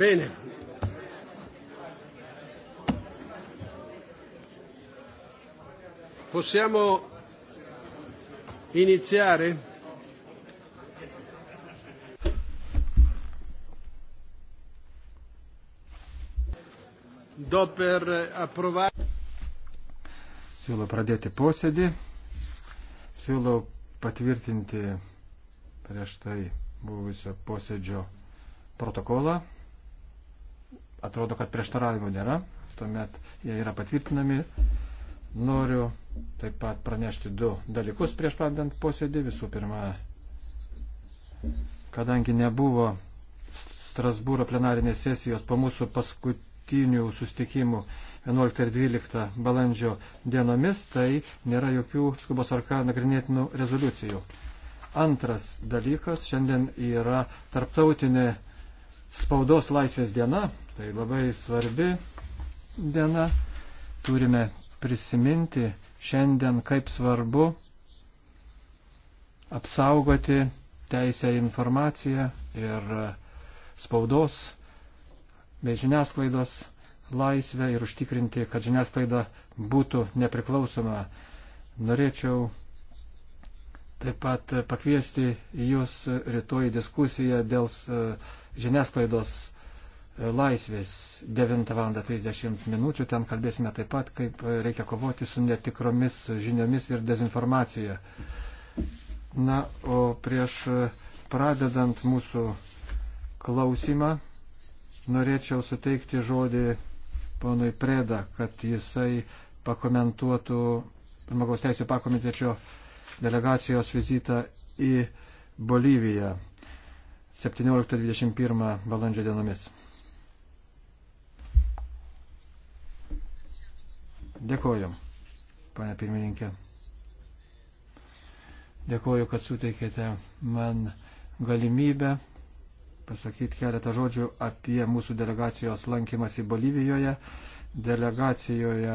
Bene. Possiamo iniziare? Do per approvare. Siūlau pradėti posėdį. Siūlau patvirtinti prieš tai buvusio posėdžio protokolą atrodo, kad prieštaravimų nėra, tuomet jie yra patvirtinami. Noriu taip pat pranešti du dalykus prieš pradedant posėdį. Visų pirma, kadangi nebuvo Strasbūro plenarinės sesijos po mūsų paskutinių sustikimų 11 ir 12 balandžio dienomis, tai nėra jokių skubos ar ką nagrinėtinų rezoliucijų. Antras dalykas, šiandien yra tarptautinė spaudos laisvės diena, Tai labai svarbi diena. Turime prisiminti šiandien, kaip svarbu apsaugoti teisę į informaciją ir spaudos bei žiniasklaidos laisvę ir užtikrinti, kad žiniasklaida būtų nepriklausoma. Norėčiau taip pat pakviesti jūs rytoj diskusiją dėl e, žiniasklaidos laisvės 9.30 minučių. Ten kalbėsime taip pat, kaip reikia kovoti su netikromis žiniomis ir dezinformacija. Na, o prieš pradedant mūsų klausimą, norėčiau suteikti žodį ponui Preda, kad jisai pakomentuotų žmogaus teisų pakomitečio delegacijos vizitą į Boliviją 17-21 valandžio dienomis. Dėkoju, pane pirmininkė. Dėkoju, kad suteikėte man galimybę pasakyti keletą žodžių apie mūsų delegacijos lankymasi Bolivijoje. Delegacijoje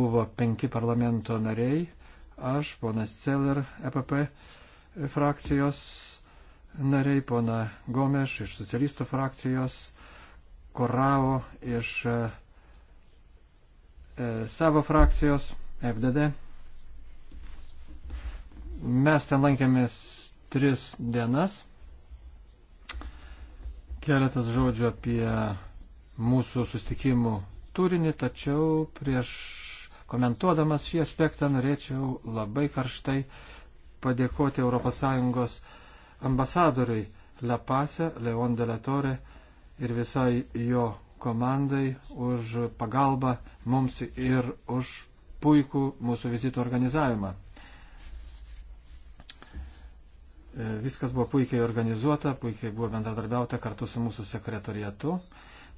buvo penki parlamento nariai, aš, ponas Celler, EPP frakcijos nariai, pona Gomeš iš socialistų frakcijos, Korao iš E, savo frakcijos, FDD. Mes ten lankėmės tris dienas. Keletas žodžių apie mūsų sustikimų turinį, tačiau prieš komentuodamas šį aspektą norėčiau labai karštai padėkoti ES ambasadoriui Lepase, Leon Delatore ir visai jo komandai už pagalbą mums ir už puikų mūsų vizito organizavimą. E, viskas buvo puikiai organizuota, puikiai buvo bendradarbiauta kartu su mūsų sekretorietu.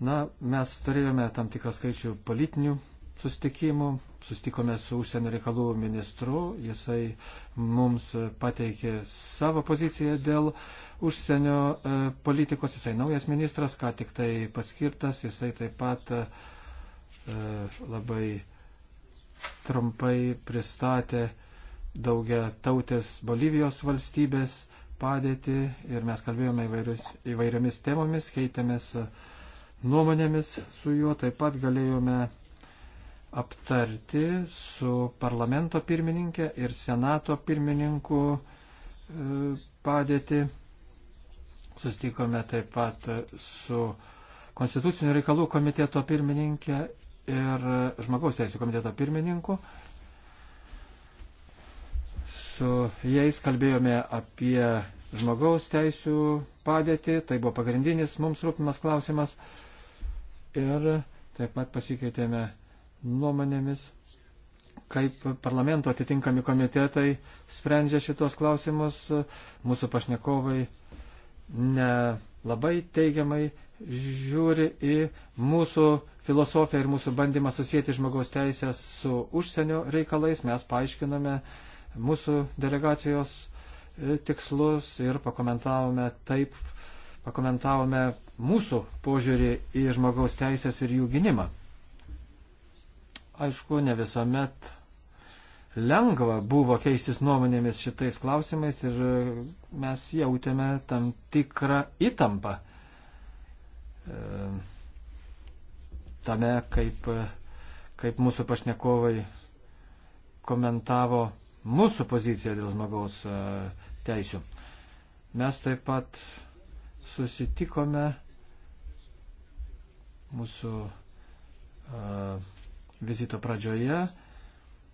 Na, mes turėjome tam tikrą skaičių politinių sustikimų, sustikome su užsienio reikalų ministru, jisai mums pateikė savo poziciją dėl e, užsienio e, politikos, jisai naujas ministras, ką tik tai paskirtas, jisai taip pat e, labai trumpai pristatė daugia tautės Bolivijos valstybės padėtį ir mes kalbėjome įvairius, įvairiomis temomis, keitėmės e, nuomonėmis su juo, taip pat galėjome aptarti su parlamento pirmininkė ir senato pirmininku padėtį. Sustikome taip pat su Konstitucinių reikalų komiteto pirmininkė ir Žmogaus teisų komiteto pirmininku. Su jais kalbėjome apie žmogaus teisų padėtį, tai buvo pagrindinis mums rūpimas klausimas. Ir taip pat pasikeitėme nuomonėmis, kaip parlamento atitinkami komitetai sprendžia šitos klausimus. Mūsų pašnekovai nelabai teigiamai žiūri į mūsų filosofiją ir mūsų bandymą susijęti žmogaus teisės su užsienio reikalais. Mes paaiškinome mūsų delegacijos e, tikslus ir pakomentavome taip, pakomentavome mūsų požiūrį į žmogaus teisės ir jų gynimą. Aišku, ne visuomet lengva buvo keistis nuomonėmis šitais klausimais ir mes jautėme tam tikrą įtampą e, tame, kaip, kaip mūsų pašnekovai komentavo mūsų poziciją dėl žmogaus e, teisių. Mes taip pat susitikome mūsų e, vizito pradžioje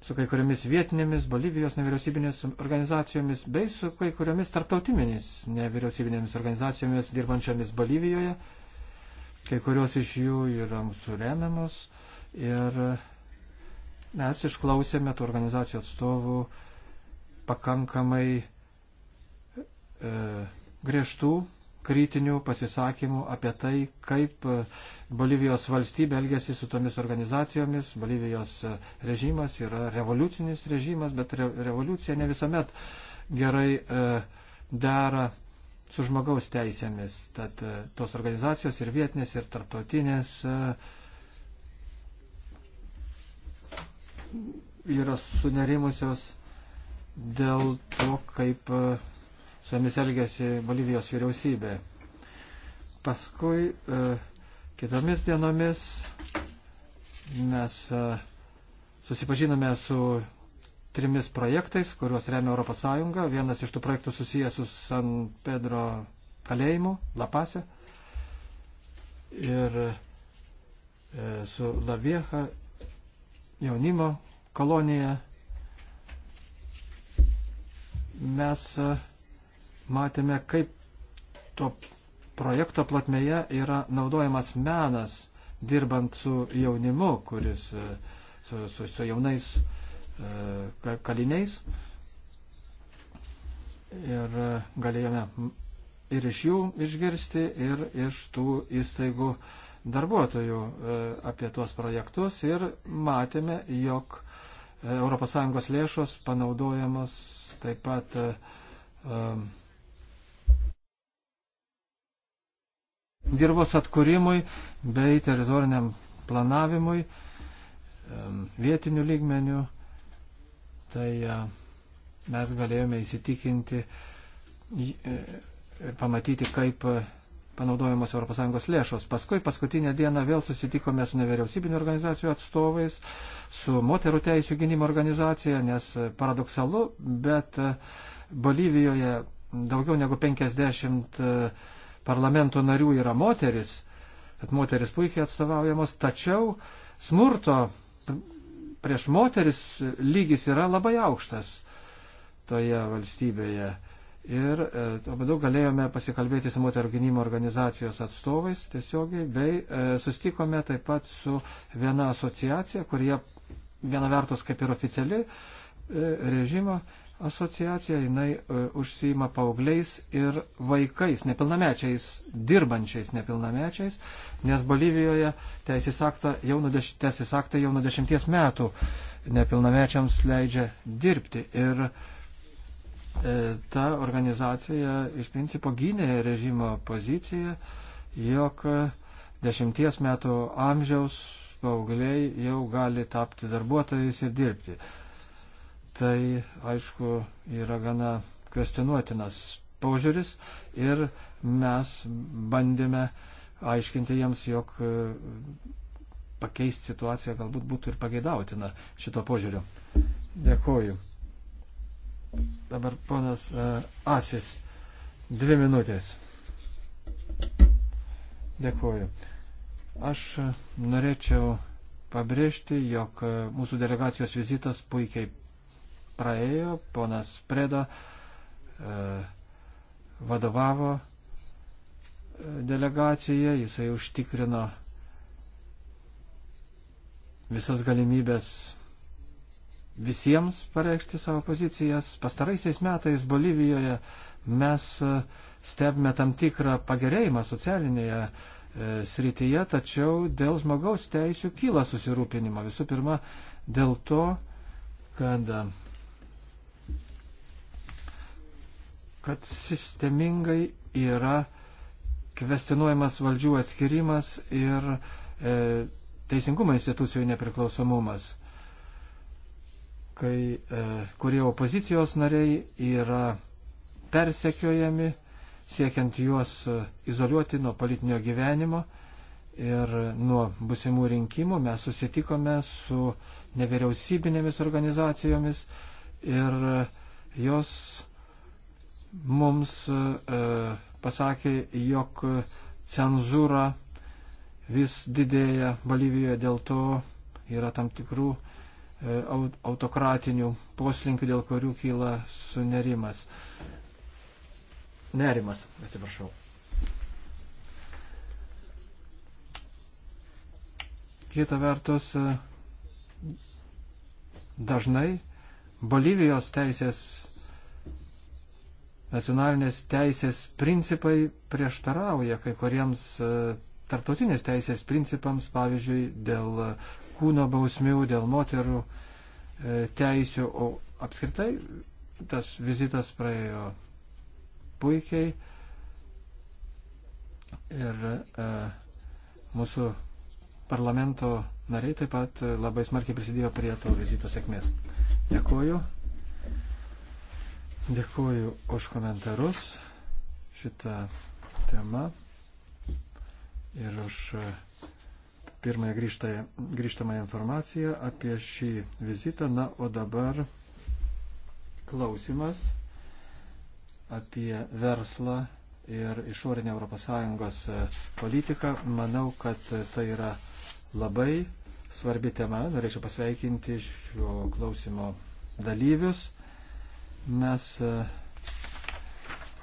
su kai kuriomis vietinėmis Bolivijos nevyriausybinės organizacijomis bei su kai kuriomis tarptautinėmis nevyriausybinėmis organizacijomis dirbančiomis Bolivijoje. Kai kurios iš jų yra mūsų remiamos ir mes išklausėme tų organizacijų atstovų pakankamai e, griežtų kritinių pasisakymų apie tai, kaip Bolivijos valstybė elgesi su tomis organizacijomis. Bolivijos režimas yra revoliucinis režimas, bet re, revoliucija ne visuomet gerai e, dera su žmogaus teisėmis. Tad e, tos organizacijos ir vietinės, ir tarptautinės e, yra sunerimusios dėl to, kaip e, su jomis elgėsi Bolivijos vyriausybė. Paskui e, kitomis dienomis mes e, susipažinome su trimis projektais, kuriuos remia ES. Vienas iš tų projektų susijęs su San Pedro kalėjimu, Lapase. Ir e, su Lavieha jaunimo kolonija mes e, matėme, kaip to projekto platmeje yra naudojamas menas, dirbant su jaunimu, kuris e, su, su, su jaunais e, kaliniais. Ir e, galėjome ir iš jų išgirsti, ir iš tų įstaigų darbuotojų apie tuos projektus ir matėme, jog ES lėšos panaudojamos taip pat dirbos atkūrimui bei teritoriniam planavimui vietinių lygmenių. Tai e, mes galėjome įsitikinti e, ir pamatyti, kaip e, panaudojamos ES lėšos. Paskui paskutinę dieną vėl susitikome su nevyriausybinio organizacijų atstovais, su moterų teisų gynimo organizacija, nes paradoksalu, bet Bolivijoje daugiau negu 50 parlamento narių yra moteris, kad moteris puikiai atstovaujamos, tačiau smurto prieš moteris lygis yra labai aukštas toje valstybėje. Ir e, to būdu galėjome pasikalbėti su moterų gynimo organizacijos atstovais tiesiogiai, bei e, sustikome taip pat su viena asociacija, kurie viena vertus kaip ir oficiali e, režimo asociacija, jinai e, užsima paaugliais ir vaikais, nepilnamečiais, dirbančiais nepilnamečiais, nes Bolivijoje teisės aktai jau nuo, deš, teisės aktai jau nuo dešimties metų nepilnamečiams leidžia dirbti. Ir e, ta organizacija iš principo gynė režimo poziciją, jog dešimties metų amžiaus paaugliai jau gali tapti darbuotojais ir dirbti tai aišku yra gana kvestionuotinas požiūris ir mes bandėme aiškinti jiems, jog e, pakeisti situaciją galbūt būtų ir pageidautina šito požiūriu. Dėkoju. Dabar ponas e, Asis, dvi minutės. Dėkoju. Aš e, norėčiau pabrėžti, jog mūsų delegacijos vizitas puikiai praėjo, ponas Preda e, vadovavo e, delegaciją, jisai užtikrino visas galimybės visiems pareikšti savo pozicijas. Pastaraisiais metais Bolivijoje mes e, stebime tam tikrą pagerėjimą socialinėje e, srityje, tačiau dėl žmogaus teisių kyla susirūpinimo. Visų pirma, dėl to, kad kad sistemingai yra kvestionuojamas valdžių atskirimas ir e, teisingumo institucijų nepriklausomumas, kai e, kurie opozicijos nariai yra persekiojami, siekiant juos e, izoliuoti nuo politinio gyvenimo ir nuo busimų rinkimų mes susitikome su nevyriausybinėmis organizacijomis ir e, jos mums e, pasakė, jog cenzūra vis didėja Bolivijoje, dėl to yra tam tikrų e, autokratinių poslinkių, dėl kurių kyla sunerimas. Nerimas, atsiprašau. Kita vertus, e, dažnai Bolivijos teisės nacionalinės teisės principai prieštarauja kai kuriems e, tarptautinės teisės principams, pavyzdžiui, dėl kūno bausmių, dėl moterų e, teisių, o apskritai tas vizitas praėjo puikiai ir e, mūsų parlamento nariai taip pat labai smarkiai prisidėjo prie to vizito sėkmės. Dėkuoju. Dėkuoju už komentarus šitą temą ir už pirmąją grįžtamąją informaciją apie šį vizitą. Na, o dabar klausimas apie verslą ir išorinę ES e, politiką. Manau, kad tai yra labai svarbi tema. Norėčiau pasveikinti šio klausimo dalyvius. Mes e,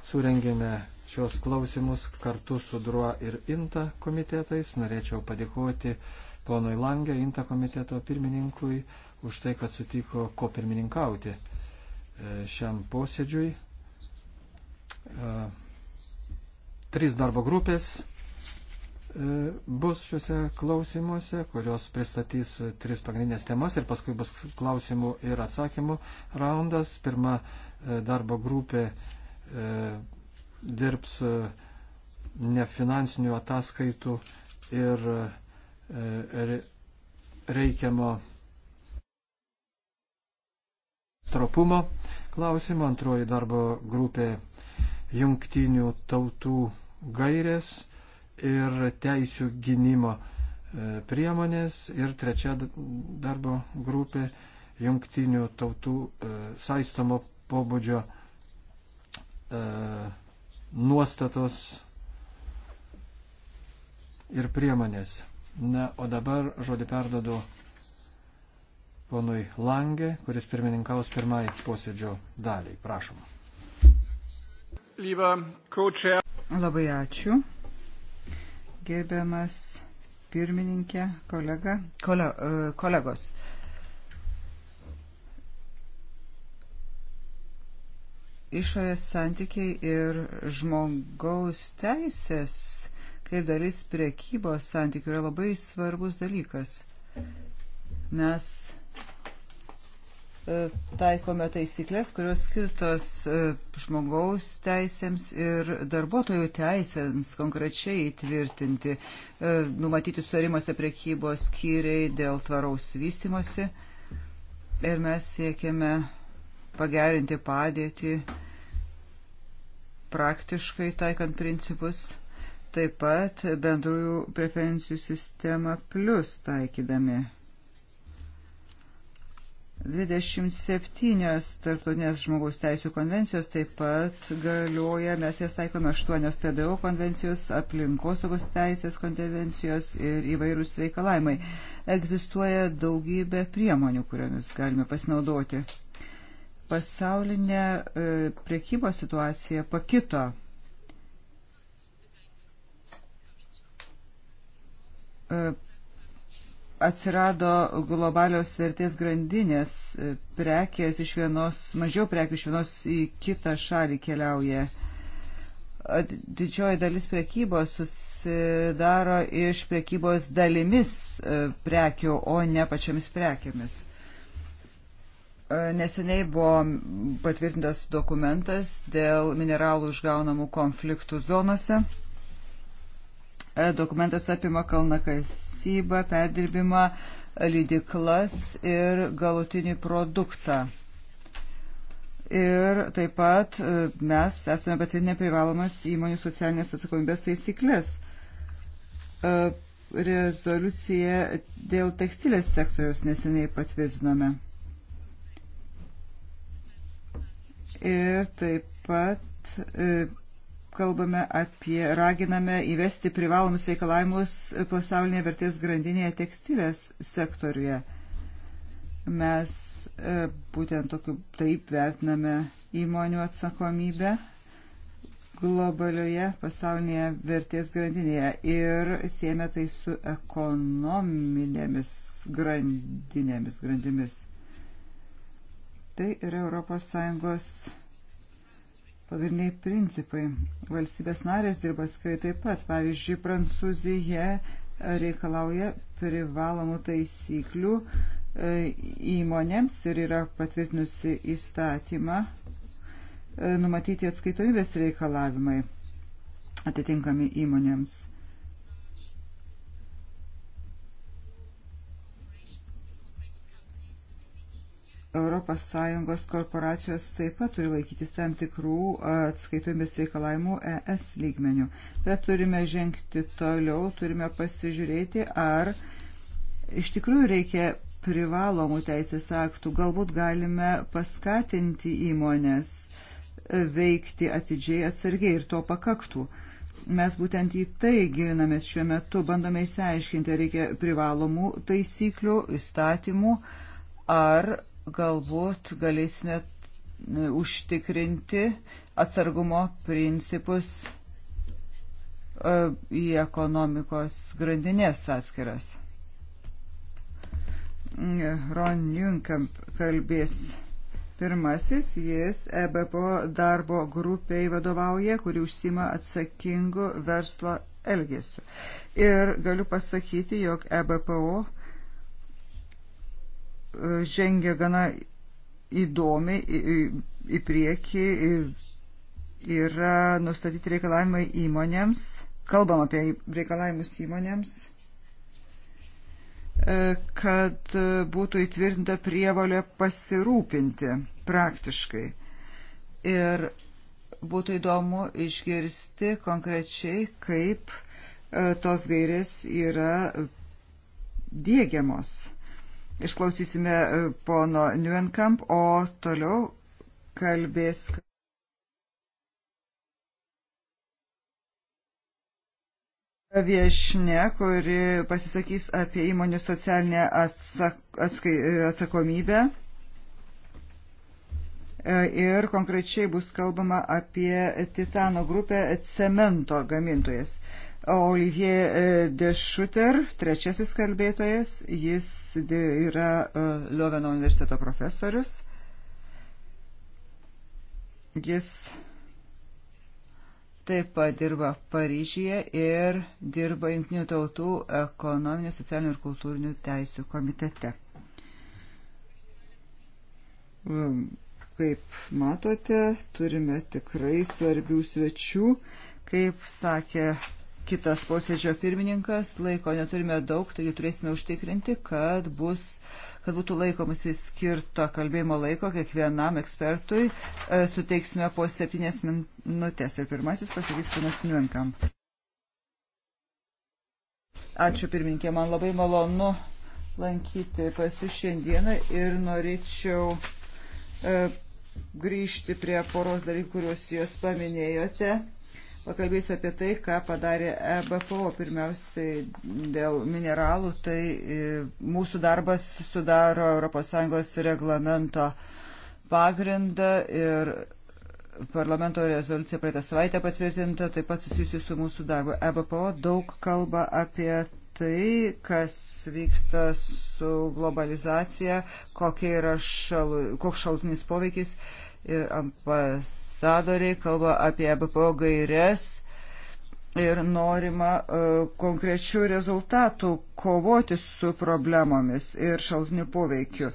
surengėme šios klausimus kartu su DRUA ir INTA komitetais. Norėčiau padėkoti ponui Langė, INTA komiteto pirmininkui, už tai, kad sutiko ko pirmininkauti e, šiam posėdžiui. E, trys darbo grupės E, bus šiuose klausimuose, kurios pristatys tris pagrindinės temas ir paskui bus klausimų ir atsakymų raundas. Pirma e, darbo grupė e, dirbs nefinansinių ataskaitų ir reikiamo stropumo klausimo. Antroji darbo grupė jungtinių tautų gairės ir teisų gynimo e, priemonės ir trečia darbo grupė jungtinių tautų e, saistomo pobūdžio e, nuostatos ir priemonės. Na, o dabar žodį perdodu ponui Langė, kuris pirmininkaus pirmai posėdžio daliai. Prašom. Labai ačiū gerbiamas pirmininkė, kolega, kole, e, kolegos. Išorės santykiai ir žmogaus teisės kaip dalis priekybos santykių yra labai svarbus dalykas. Mes E, taikome taisyklės, kurios skirtos e, žmogaus teisėms ir darbuotojų teisėms konkrečiai įtvirtinti, e, numatyti sutarimuose priekybos skyriai dėl tvaraus vystimosi. Ir mes siekiame pagerinti padėtį praktiškai taikant principus, taip pat bendrųjų preferencijų sistemą plus taikydami 27 tarptautinės žmogaus teisų konvencijos taip pat galioja, mes jas taikome 8 TDO konvencijos, aplinkosaugos teisės konvencijos ir įvairūs reikalavimai. Egzistuoja daugybė priemonių, kuriomis galime pasinaudoti. Pasaulinė e, priekybos situacija pakito. E, atsirado globalios vertės grandinės e, prekės iš vienos, mažiau prekių iš vienos į kitą šalį keliauja. Didžioji dalis prekybos susidaro iš prekybos dalimis e, prekių, o ne pačiamis prekiamis. E, neseniai buvo patvirtintas dokumentas dėl mineralų išgaunamų konfliktų zonose. Dokumentas apima kalnakas kasybą, perdirbimą, lydiklas ir galutinį produktą. Ir taip pat e, mes esame patvirtinę privalomas įmonių socialinės atsakomybės taisyklės. E, rezoliuciją dėl tekstilės sektoriaus neseniai patvirtinome. Ir taip pat e, kalbame apie, raginame įvesti privalomus reikalavimus pasaulinėje vertės grandinėje tekstilės sektoriuje. Mes e, būtent tokiu taip vertiname įmonių atsakomybę globalioje pasaulinėje vertės grandinėje ir siemė tai su ekonominėmis grandinėmis, grandimis. Tai yra ES pagrindiniai principai. Valstybės narės dirba skiriai taip pat. Pavyzdžiui, Prancūzija reikalauja privalomų taisyklių e, įmonėms ir yra patvirtinusi įstatymą e, numatyti atskaitomybės reikalavimai atitinkami įmonėms. ES korporacijos taip pat turi laikytis tam tikrų atskaitomės reikalavimų ES lygmenių. Bet turime žengti toliau, turime pasižiūrėti, ar iš tikrųjų reikia privalomų teisės aktų. Galbūt galime paskatinti įmonės e, veikti atidžiai, atsargiai ir to pakaktų. Mes būtent į tai gilinamės šiuo metu, bandome išsiaiškinti, reikia privalomų taisyklių, įstatymų ar galbūt galėsime e, užtikrinti atsargumo principus e, į ekonomikos grandinės atskiras. E, Ron Junkamp kalbės Pirmasis jis EBPO darbo grupiai vadovauja, kuri užsima atsakingu verslo elgesiu. Ir galiu pasakyti, jog EBPO žengia gana įdomiai į, į priekį. Yra nustatyti reikalavimai įmonėms. Kalbam apie reikalavimus įmonėms e, kad būtų įtvirtinta prievalė pasirūpinti praktiškai. Ir būtų įdomu išgirsti konkrečiai, kaip e, tos gairės yra dėgiamos. Išklausysime e, pono Nuenkamp, o toliau kalbės. viešne, kuri pasisakys apie įmonių socialinę atsak, atskai, e, atsakomybę. E, ir konkrečiai bus kalbama apie Titano grupę cemento gamintojas. Olivier e, Dešuter, trečiasis kalbėtojas, jis yra e, Lioveno universiteto profesorius. Jis taip pat dirba Paryžyje ir dirba Junktinių tautų ekonominių, socialinių ir kultūrinių teisių komitete. Kaip matote, turime tikrai svarbių svečių, kaip sakė kitas posėdžio pirmininkas, laiko neturime daug, taigi turėsime užtikrinti, kad, bus, kad būtų laikomasi skirto kalbėjimo laiko kiekvienam ekspertui. E, suteiksime po septynės minutės ir pirmasis pasakys ponas Niunkam. Ačiū pirmininkė, man labai malonu lankyti pas jūs šiandieną ir norėčiau e, grįžti prie poros dalykų, kuriuos jūs paminėjote Pakalbėsiu apie tai, ką padarė EBPO. Pirmiausiai dėl mineralų, tai e, mūsų darbas sudaro ES reglamento pagrindą ir parlamento rezoliucija praeitą savaitę patvirtinta, taip pat susijusi su mūsų darbu. EBPO daug kalba apie tai, kas vyksta su globalizacija, kokia yra šal, koks šaltinis poveikis ir ampas ambasadoriai kalba apie BPO gairias ir norima e, konkrečių rezultatų kovoti su problemomis ir šaltiniu poveikiu.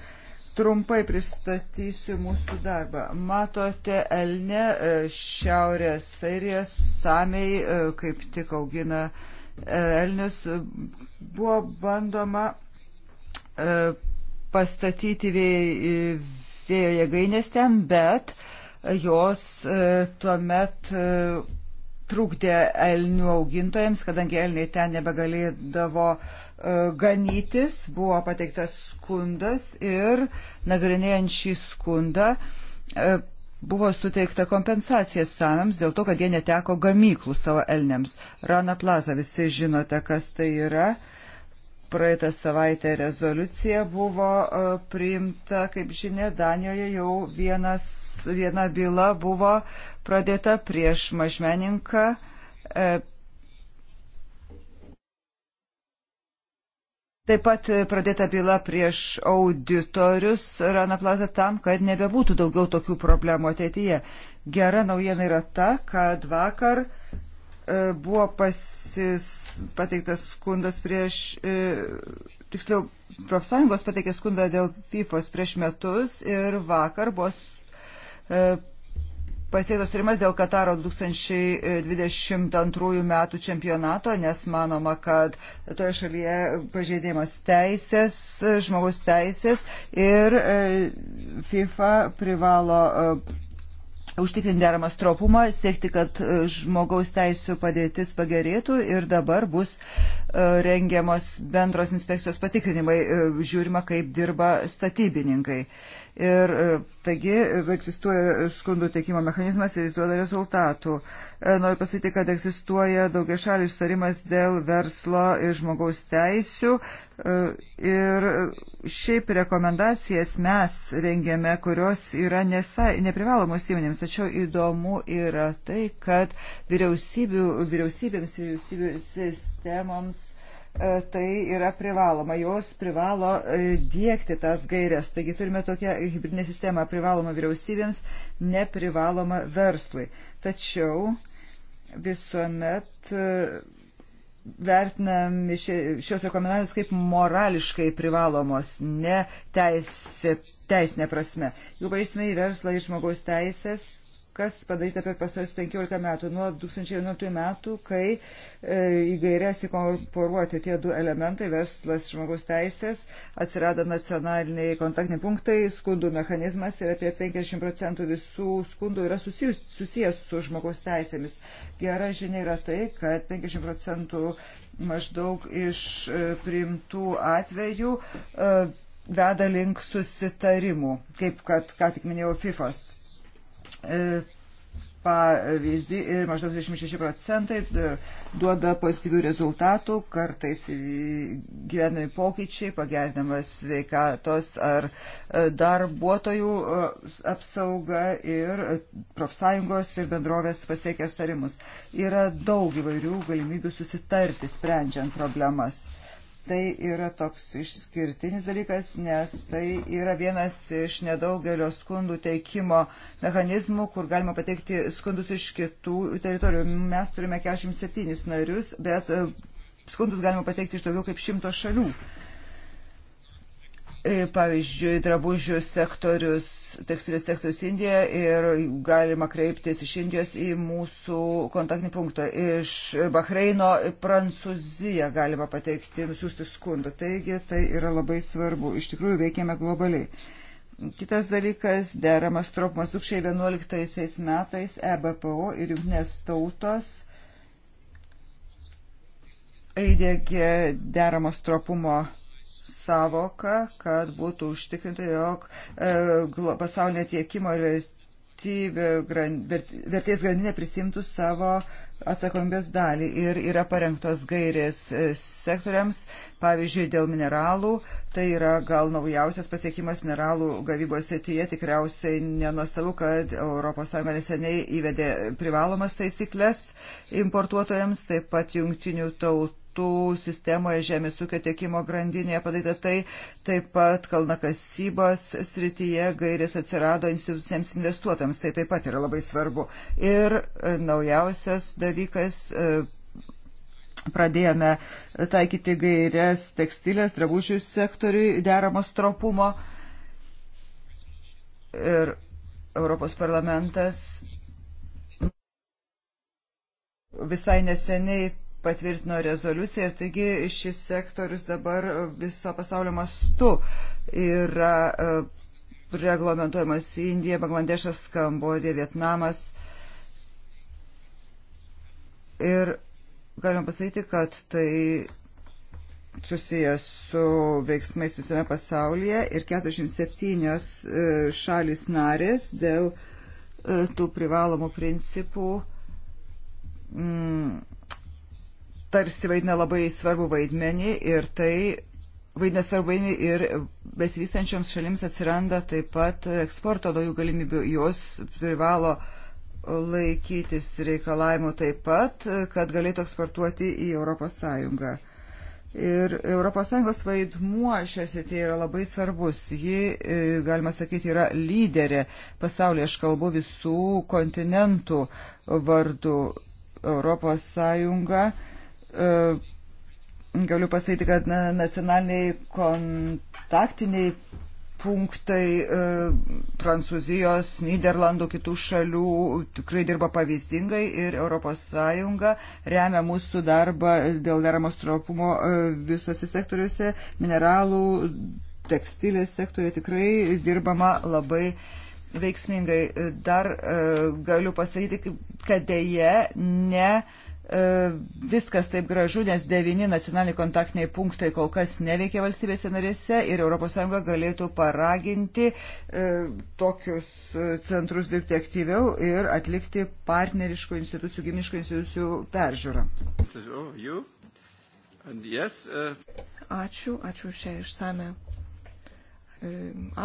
Trumpai pristatysiu mūsų darbą. Matote, Elne e, Šiaurės Airijos samiai e, kaip tik augina Elnius. Buvo bandoma pastatyti vėjo jėgainės ten, bet uh, jos e, tuomet e, trukdė elnių augintojams, kadangi elniai ten nebegalėdavo e, ganytis, buvo pateiktas skundas ir nagrinėjant šį skundą buvo suteikta kompensacija samams dėl to, kad jie neteko gamyklų savo elniams. Rana Plaza, visi žinote, kas tai yra. Praeitą savaitę rezoliucija buvo e, priimta, kaip žinia, Danijoje jau vienas, viena byla buvo pradėta prieš mažmeninką. E, taip pat pradėta byla prieš auditorius Rana Plaza tam, kad nebebūtų daugiau tokių problemų ateityje. Gera naujiena yra ta, kad vakar e, buvo pasis pateiktas skundas prieš, e, tiksliau, profsąjungos pateikė skundą dėl FIFOS prieš metus ir vakar buvo e, pasiektas rimas dėl Kataro 2022 metų čempionato, nes manoma, kad toje šalyje pažeidimas teisės, žmogus teisės ir e, FIFA privalo užtikrinti deramą stropumą, siekti, kad e, žmogaus teisų padėtis pagerėtų ir dabar bus e, rengiamos bendros inspekcijos patikrinimai, e, žiūrima, kaip dirba statybininkai. Ir e, taigi egzistuoja skundų teikimo mechanizmas ir jis duoda rezultatų. E, noriu pasakyti, kad egzistuoja daugia šalių sutarimas dėl verslo ir žmogaus teisių. E, ir šiaip rekomendacijas mes rengėme, kurios yra nesai, neprivalomos įmonėms. Tačiau įdomu yra tai, kad vyriausybių, vyriausybėms ir vyriausybių sistemoms E, tai yra privaloma. Jos privalo e, dėkti tas gairias. Taigi turime tokią hybridinę sistemą privaloma vyriausybėms, neprivaloma verslui. Tačiau visuomet e, vertinami šios rekomendacijos kaip morališkai privalomos, ne teisė, teisinė prasme. Jeigu paėsime į verslą, į žmogaus teisės, kas padaryta per pastarus 15 metų, nuo 2011 metų, kai e, į gairias įkomporuoti tie du elementai - verslas žmogus teisės, atsirado nacionaliniai kontaktiniai punktai, skundų mechanizmas ir apie 50 procentų visų skundų yra susijus, susijęs su žmogus teisėmis. Gera žinia yra tai, kad 50 procentų maždaug iš e, priimtų atvejų e, veda link susitarimų, kaip kad ką tik minėjau FIFOS E, pavyzdį ir maždaug 26 procentai e, duoda pozityvių rezultatų, kartais gyvenami pokyčiai, pagerinamas sveikatos ar e, darbuotojų apsauga ir profsąjungos ir bendrovės pasiekia starimus. Yra daug įvairių galimybių susitarti, sprendžiant problemas tai yra toks išskirtinis dalykas, nes tai yra vienas iš nedaugelio skundų teikimo mechanizmų, kur galima pateikti skundus iš kitų teritorijų. Mes turime 47 narius, bet skundus galima pateikti iš daugiau kaip šimto šalių. E, pavyzdžiui, drabužių sektorius, tekstilės sektorius Indijoje ir galima kreiptis iš Indijos į mūsų kontaktinį punktą. Iš Bahreino Prancūziją galima pateikti, nusiųsti skundą. Taigi tai yra labai svarbu. Iš tikrųjų veikiame globaliai. Kitas dalykas, deramas tropumas 2011 metais EBPO ir jungtinės tautos įdėgė deramos tropumo savoką, kad būtų užtikrinta, jog e, pasaulinė tiekimo ir vertybė, vertės grandinė prisimtų savo atsakomybės dalį ir yra parengtos gairės e, sektoriams, pavyzdžiui, dėl mineralų, tai yra gal naujausias pasiekimas mineralų gavybos srityje, tikriausiai nenostabu, kad ES neseniai įvedė privalomas taisyklės importuotojams, taip pat jungtinių tautų kvotų sistemoje žemės ūkio tiekimo grandinėje padaryta tai, taip pat kalnakasybos srityje gairės atsirado institucijams investuotams, tai taip pat yra labai svarbu. Ir e, naujausias dalykas e, pradėjome taikyti gairias tekstilės, drabužių sektoriui deramos tropumo. Ir Europos parlamentas visai neseniai patvirtino rezoliuciją ir taigi šis sektorius dabar viso pasaulio mastu yra e, reglamentuojamas Indija, Bangladešas, Kambodija, Vietnamas. Ir galima pasakyti, kad tai susijęs su veiksmais visame pasaulyje ir 47 e, šalis narės dėl e, tų privalomų principų mm, tarsi vaidina labai svarbu vaidmenį ir tai vaidina svarbu vaidmenį ir besivystančioms šalims atsiranda taip pat eksporto naujų galimybių. Jos privalo laikytis reikalavimų taip pat, kad galėtų eksportuoti į ES. Ir ES vaidmuo šiose tie yra labai svarbus. Ji, e, galima sakyti, yra lyderė pasaulyje. Aš kalbu visų kontinentų vardu. ES E, galiu pasakyti, kad na, nacionaliniai kontaktiniai punktai e, Prancūzijos, Niderlandų, kitų šalių tikrai dirba pavyzdingai ir ES remia mūsų darbą dėl deramos traukumo e, visose sektoriuose, mineralų, tekstilės sektoriuje tikrai dirbama labai veiksmingai. Dar e, galiu pasakyti, kad dėje ne. E, E, viskas taip gražu, nes devyni nacionaliniai kontaktiniai punktai kol kas neveikia valstybėse narėse ir ES galėtų paraginti e, tokius e, centrus dirbti aktyviau ir atlikti partneriškų institucijų, gimniškų institucijų peržiūrą. Ačiū, ačiū šią išsame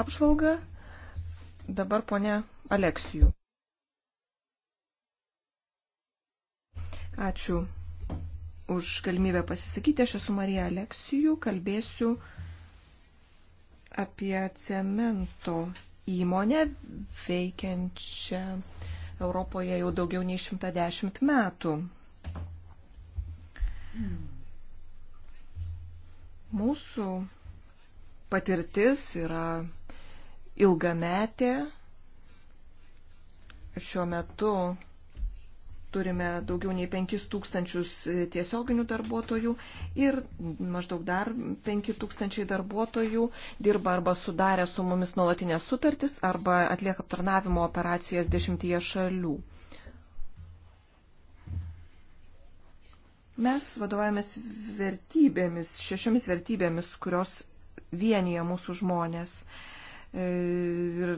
apžvalgą. Dabar ponia Aleksijų. Ačiū už galimybę pasisakyti. Aš esu Marija Aleksijų, kalbėsiu apie cemento įmonę veikiančią Europoje jau daugiau nei 110 metų. Mūsų patirtis yra ilgametė. Šiuo metu turime daugiau nei 5 tūkstančius e, tiesioginių darbuotojų ir maždaug dar 5 tūkstančiai darbuotojų dirba arba sudarę su mumis nuolatinės sutartis arba atlieka aptarnavimo operacijas dešimtyje šalių. Mes vadovavomės vertybėmis, šešiomis vertybėmis, kurios vienyje mūsų žmonės. E, ir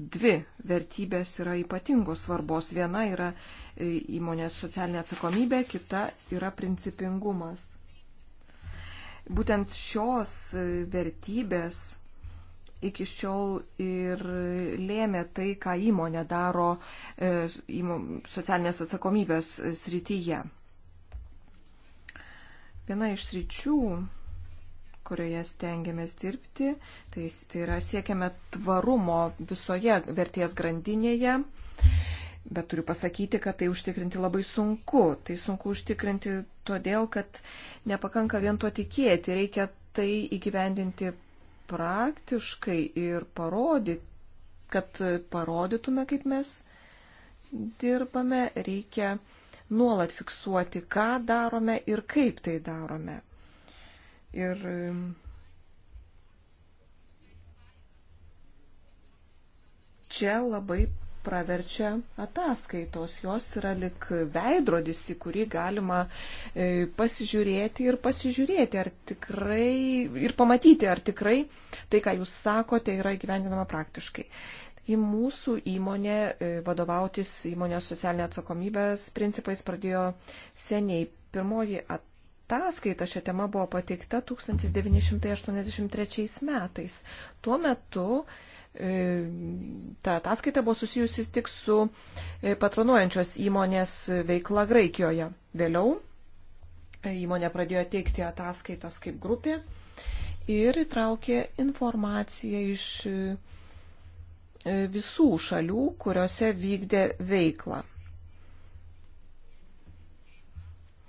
dvi vertybės yra ypatingos svarbos. Viena yra įmonės socialinė atsakomybė, kita yra principingumas. Būtent šios vertybės iki šiol ir lėmė tai, ką įmonė daro e, socialinės atsakomybės srityje. Viena iš sričių, kurioje stengiamės dirbti, tai, tai yra siekiame tvarumo visoje vertės grandinėje Bet turiu pasakyti, kad tai užtikrinti labai sunku. Tai sunku užtikrinti todėl, kad nepakanka vien to tikėti. Reikia tai įgyvendinti praktiškai ir parodyti, kad parodytume, kaip mes dirbame. Reikia nuolat fiksuoti, ką darome ir kaip tai darome. Ir čia labai praverčia ataskaitos. Jos yra lik veidrodis, į kurį galima e, pasižiūrėti ir pasižiūrėti, ar tikrai, ir pamatyti, ar tikrai tai, ką jūs sakote, yra įgyvendinama praktiškai. Į mūsų įmonę e, vadovautis įmonės socialinė atsakomybės principais pradėjo seniai. Pirmoji ataskaita šią temą buvo pateikta 1983 metais. Tuo metu E, ta ataskaita buvo susijusi tik su e, patronuojančios įmonės veikla Graikijoje. Vėliau e, įmonė pradėjo teikti ataskaitas kaip grupė ir įtraukė informaciją iš visų šalių, kuriuose vykdė veiklą.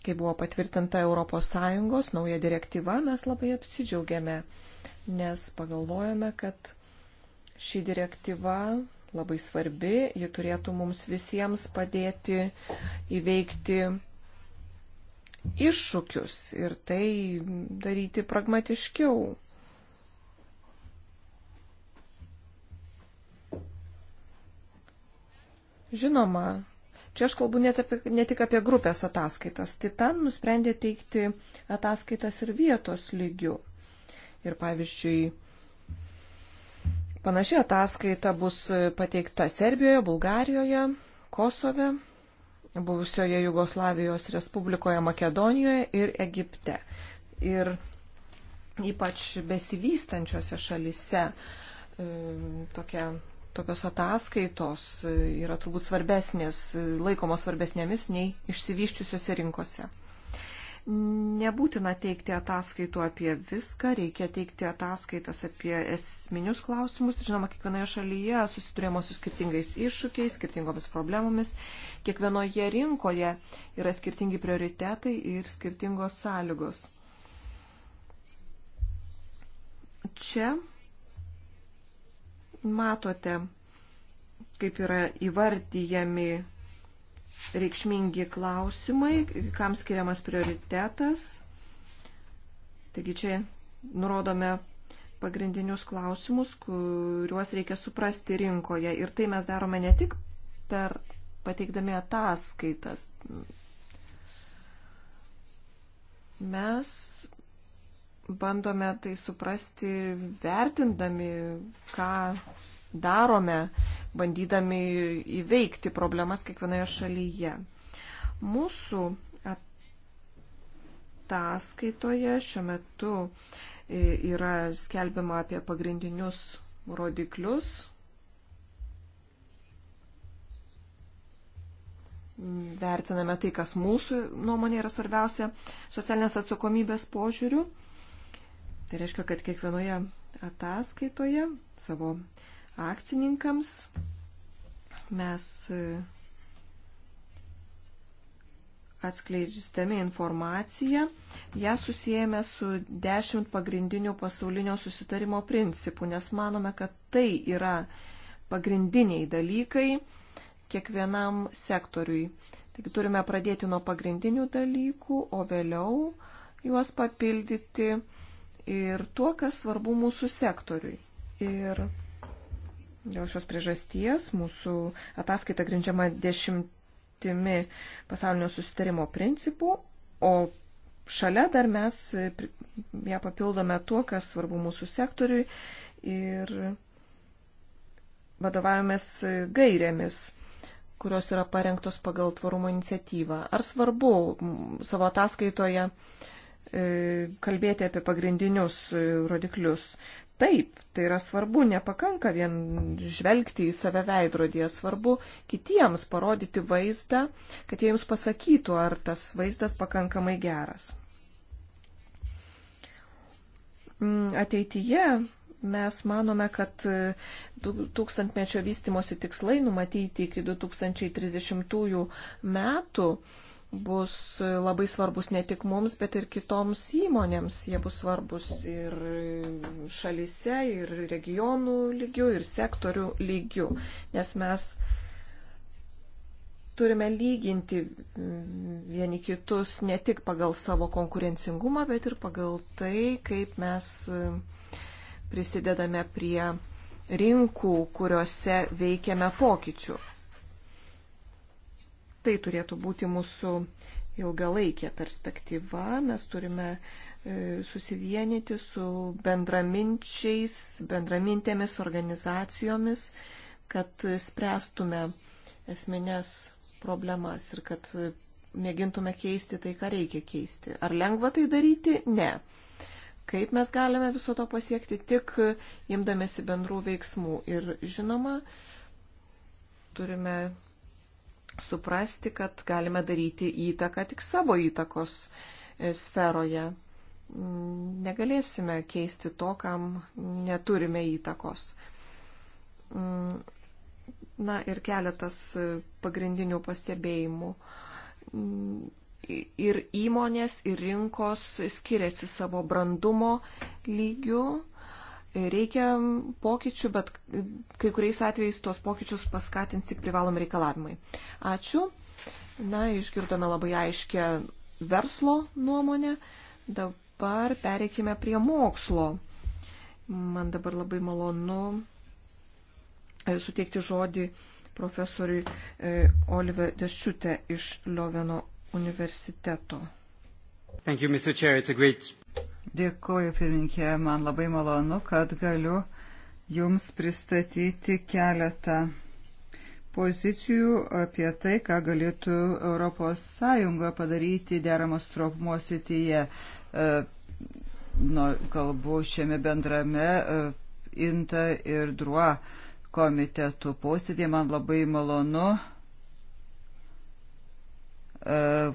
Kai buvo patvirtinta ES nauja direktyva, mes labai apsidžiaugiame, nes pagalvojame, kad Ši direktyva labai svarbi, ji turėtų mums visiems padėti įveikti iššūkius ir tai daryti pragmatiškiau. Žinoma, Čia aš kalbu net apie, ne tik apie grupės ataskaitas. Titan nusprendė teikti ataskaitas ir vietos lygių. Ir pavyzdžiui, Panaši ataskaita bus pateikta Serbijoje, Bulgarijoje, Kosove, buvusioje Jugoslavijos Respublikoje Makedonijoje ir Egipte. Ir ypač besivystančiose šalise e, tokia, tokios ataskaitos yra turbūt svarbesnės, laikomos svarbesnėmis nei išsivyščiusiose rinkose. Nebūtina teikti ataskaitų apie viską, reikia teikti ataskaitas apie esminius klausimus. Žinoma, kiekvienoje šalyje susidurėmo su skirtingais iššūkiais, skirtingomis problemomis. Kiekvienoje rinkoje yra skirtingi prioritetai ir skirtingos sąlygos. Čia matote, kaip yra įvardyjami reikšmingi klausimai, kam skiriamas prioritetas. Taigi čia nurodome pagrindinius klausimus, kuriuos reikia suprasti rinkoje. Ir tai mes darome ne tik per pateikdami ataskaitas. Mes bandome tai suprasti vertindami, ką darome, bandydami įveikti problemas kiekvienoje šalyje. Mūsų ataskaitoje šiuo metu e, yra skelbiama apie pagrindinius rodiklius. Vertiname tai, kas mūsų nuomonė yra svarbiausia socialinės atsakomybės požiūrių. Tai reiškia, kad kiekvienoje ataskaitoje savo akcininkams Mes e, atskleidžiame informaciją, ją susijęme su dešimt pagrindinių pasaulinio susitarimo principų, nes manome, kad tai yra pagrindiniai dalykai kiekvienam sektoriui. Taigi turime pradėti nuo pagrindinių dalykų, o vėliau juos papildyti ir tuo, kas svarbu mūsų sektoriui. Ir Dėl šios priežasties mūsų ataskaita grindžiama dešimtimi pasaulinio susitarimo principų, o šalia dar mes ją papildome tuo, kas svarbu mūsų sektoriui ir vadovavomės gairėmis kurios yra parengtos pagal tvarumo iniciatyvą. Ar svarbu savo ataskaitoje e, kalbėti apie pagrindinius e, rodiklius? taip, tai yra svarbu, nepakanka vien žvelgti į save veidrodėje, svarbu kitiems parodyti vaizdą, kad jie jums pasakytų, ar tas vaizdas pakankamai geras. Mm, ateityje mes manome, kad e, tūkstantmečio vystimosi tikslai numatyti iki 2030 metų bus labai svarbus ne tik mums, bet ir kitoms įmonėms. Jie bus svarbus ir šalise, ir regionų lygių, ir sektorių lygių, nes mes turime lyginti vieni kitus ne tik pagal savo konkurencingumą, bet ir pagal tai, kaip mes prisidedame prie rinkų, kuriuose veikiame pokyčių tai turėtų būti mūsų ilgalaikė perspektyva. Mes turime e, susivienyti su bendraminčiais, bendramintėmis organizacijomis, kad spręstume esminės problemas ir kad mėgintume keisti tai, ką reikia keisti. Ar lengva tai daryti? Ne. Kaip mes galime viso to pasiekti tik imdamėsi bendrų veiksmų. Ir žinoma, turime suprasti, kad galime daryti įtaką tik savo įtakos e, sferoje. Mm, negalėsime keisti to, kam neturime įtakos. Mm, na ir keletas e, pagrindinių pastebėjimų. Mm, ir įmonės, ir rinkos skiriasi savo brandumo lygiu Reikia pokyčių, bet kai kuriais atvejais tuos pokyčius paskatins tik privalom reikalavimai. Ačiū. Na, išgirdome labai aiškę verslo nuomonę. Dabar pereikime prie mokslo. Man dabar labai malonu e, suteikti žodį profesoriui e, Oliver Deščiutė iš Lioveno universiteto. Thank you, Mr. Chair. It's a great Dėkoju, pirminkė, man labai malonu, kad galiu Jums pristatyti keletą pozicijų apie tai, ką galėtų ES padaryti deramos trokmo sityje. E, nu, kalbu šiame bendrame e, INTA ir DRUA komitetų posėdė. Man labai malonu e,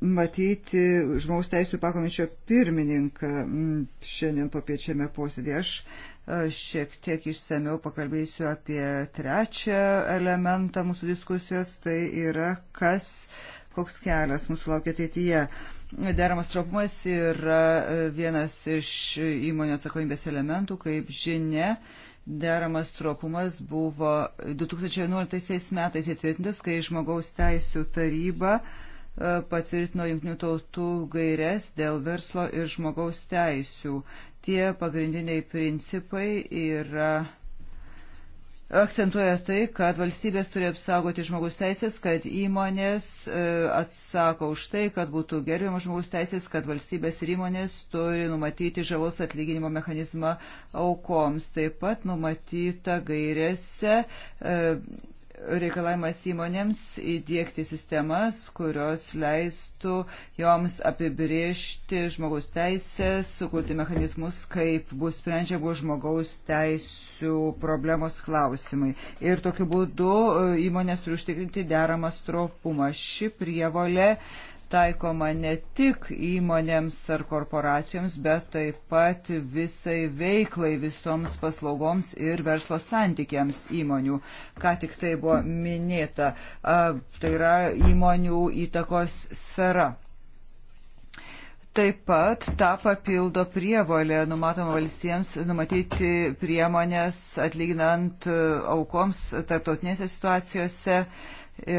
matyti žmogaus teisų pakomičio pirmininką mm, šiandien papiečiame posėdį. Aš e, šiek tiek išsameu pakalbėsiu apie trečią elementą mūsų diskusijos, tai yra kas, koks kelias mūsų laukia ateityje. Deramas traukumas yra e, vienas iš įmonio atsakomybės elementų, kaip žinia. Deramas tropumas buvo 2011 metais įtvirtintas, kai žmogaus teisų taryba uh, patvirtino jungtinių tautų gairias dėl verslo ir žmogaus teisių. Tie pagrindiniai principai yra. Akcentuoja tai, kad valstybės turi apsaugoti žmogus teisės, kad įmonės e, atsako už tai, kad būtų gerbiamas žmogus teisės, kad valstybės ir įmonės turi numatyti žalos atlyginimo mechanizmą aukoms. Taip pat numatyta gairėse e, reikalavimas įmonėms įdėkti sistemas, kurios leistų joms apibriežti žmogaus teisės, sukurti mechanizmus, kaip bus sprendžiamo žmogaus teisų problemos klausimai. Ir tokiu būdu e, įmonės turi užtikrinti deramą stropumą. Ši prievolė taikoma ne tik įmonėms ar korporacijoms, bet taip pat visai veiklai, visoms paslaugoms ir verslo santykiams įmonių. Ką tik tai buvo minėta, tai yra įmonių įtakos sfera. Taip pat tą papildo prievolė numatoma valstiems numatyti priemonės atlyginant e, aukoms tarptautinėse situacijose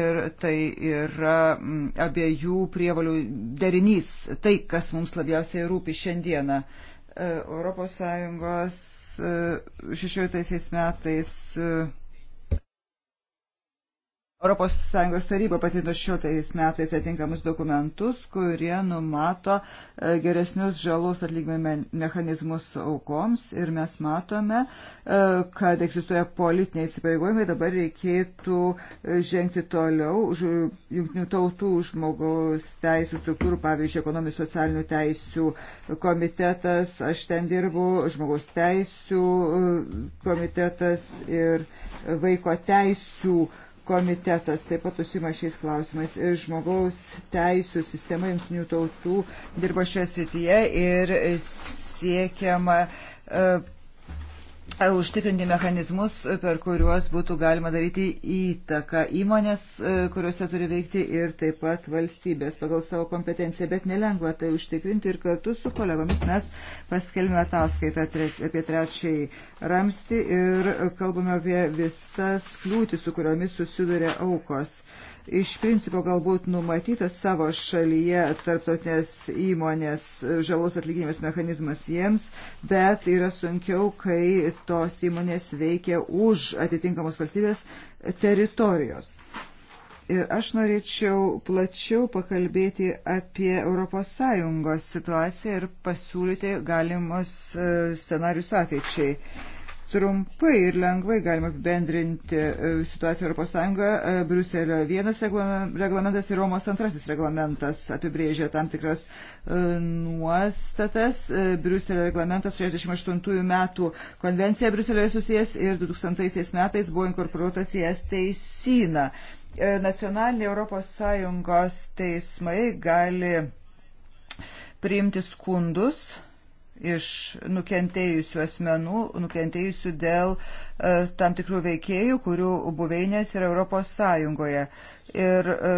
ir tai yra abiejų prievalių derinys, tai, kas mums labiausiai rūpi šiandieną. ES 16 e, metais e, ES taryba patvirtino šiotais metais atinkamus dokumentus, kurie numato e, geresnius žalos atlyginimo mechanizmus aukoms ir mes matome, e, kad egzistuoja politiniai įsipareigojimai, dabar reikėtų e, žengti toliau jungtinių tautų žmogaus teisų struktūrų, pavyzdžiui, ekonominių socialinių teisų komitetas, aš ten dirbu, žmogaus teisų komitetas ir vaiko teisų komitetas komitetas taip pat užsima šiais klausimais. Ir žmogaus teisų sistema jungtinių tautų dirbo šioje srityje ir siekiama e, užtikrinti mechanizmus, per kuriuos būtų galima daryti įtaką įmonės, e, kuriuose turi veikti ir taip pat valstybės pagal savo kompetenciją, bet nelengva tai užtikrinti ir kartu su kolegomis mes paskelbėme ataskaitą apie trečiai ramsti ir kalbame apie visas kliūtis, su kuriomis susiduria aukos iš principo galbūt numatytas savo šalyje tarptautinės įmonės žalos atlyginimas mechanizmas jiems, bet yra sunkiau, kai tos įmonės veikia už atitinkamos valstybės teritorijos. Ir aš norėčiau plačiau pakalbėti apie ES situaciją ir pasiūlyti galimus e, scenarius ateičiai trumpai ir lengvai galima apibendrinti e, situaciją ES. E, Briuselio vienas reglamentas ir Romos antrasis reglamentas apibrėžia tam tikras e, nuostatas. Briuselio reglamentas 68 metų konvencija Briuselioje susijęs ir 2000 metais buvo inkorporuotas į es teisyną. Nacionaliniai ES teismai gali priimti skundus iš nukentėjusių asmenų, nukentėjusių dėl e, tam tikrų veikėjų, kurių buveinės yra Europos Sąjungoje. Ir e,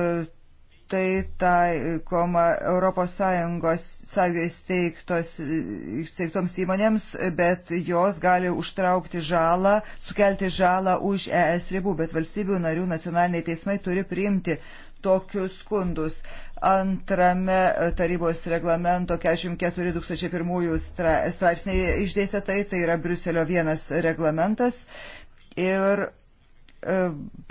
tai taikoma Europos Sąjungos sąjungoje steigtoms įmonėms, bet jos gali užtraukti žalą, sukelti žalą už ES ribų, bet valstybių narių nacionaliniai teismai turi priimti tokius skundus antrame tarybos reglamento 44.2001 straipsnėje išdėstė tai, tai yra Briuselio vienas reglamentas. Ir e,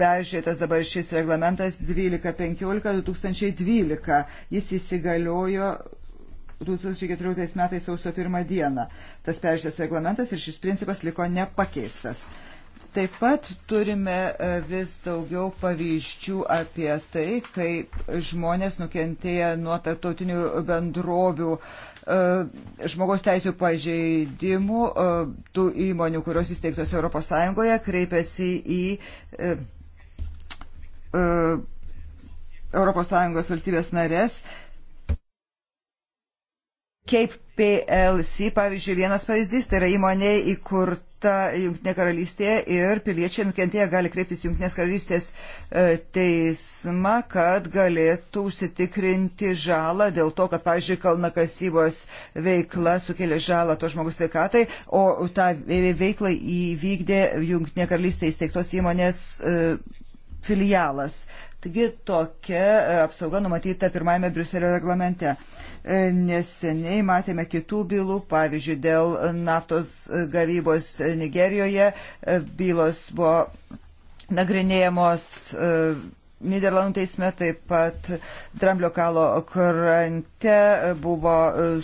peržiūrėtas dabar šis reglamentas 12.15.2012. Jis įsigaliojo 2014 metais sausio 1 dieną. Tas peržiūrėtas reglamentas ir šis principas liko nepakeistas. Taip pat turime e, vis daugiau pavyzdžių apie tai, kaip žmonės nukentėję nuo tarptautinių bendrovių e, žmogaus teisų pažeidimų e, tų įmonių, kurios įsteigtos ES, kreipiasi į ES valstybės narės Kaip PLC, pavyzdžiui, vienas pavyzdys, tai yra įmonė įkurta numatyta Junktinė karalystėje ir piliečiai nukentėję gali kreiptis Junktinės karalystės e, teismą, kad galėtų užsitikrinti žalą dėl to, kad, pavyzdžiui, kalnakasybos veikla sukėlė žalą to žmogus sveikatai, o tą veiklą įvykdė Junktinė karalystė įsteigtos įmonės e, filialas. Taigi tokia e, apsauga numatyta pirmajame Briuselio reglamente. Neseniai matėme kitų bylų, pavyzdžiui, dėl naftos gavybos Nigerijoje bylos buvo nagrinėjamos e, Niderlandų teisme, taip pat Dramblio kalo krante buvo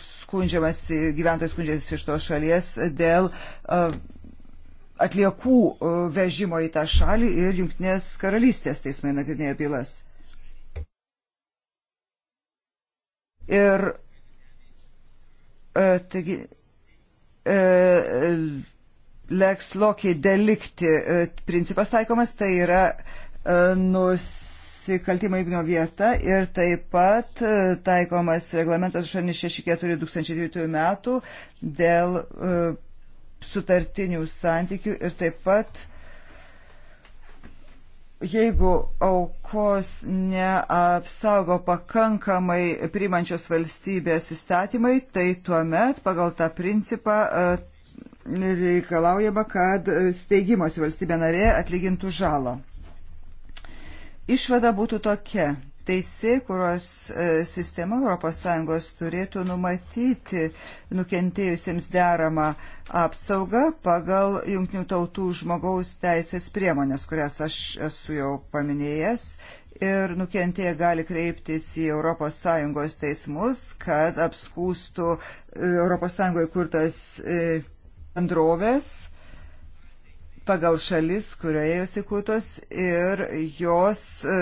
skundžiamas, gyventojai skundžiasi iš tos šalies dėl e, atliekų e, vežimo į tą šalį ir Junktinės karalystės teismai nagrinėjo bylas. Ir e, taigi, e, lex loci delikti e, principas taikomas, tai yra e, nusikaltimo įgnio vieta ir taip pat e, taikomas reglamentas 864-2009 metų dėl e, sutartinių santykių ir taip pat e, Jeigu aukos neapsaugo pakankamai primančios valstybės įstatymai, tai tuomet pagal tą principą e, reikalaujama, kad steigimosi valstybė narė atlygintų žalą. Išvada būtų tokia. Teisėjai, kurios e, sistema ES turėtų numatyti nukentėjusiems deramą apsaugą pagal Junktinių tautų žmogaus teisės priemonės, kurias aš esu jau paminėjęs. Ir nukentėję gali kreiptis į ES teismus, kad apskūstų e, ES kurtas e, bendrovės pagal šalis, kurioje jos įkurtos ir jos e,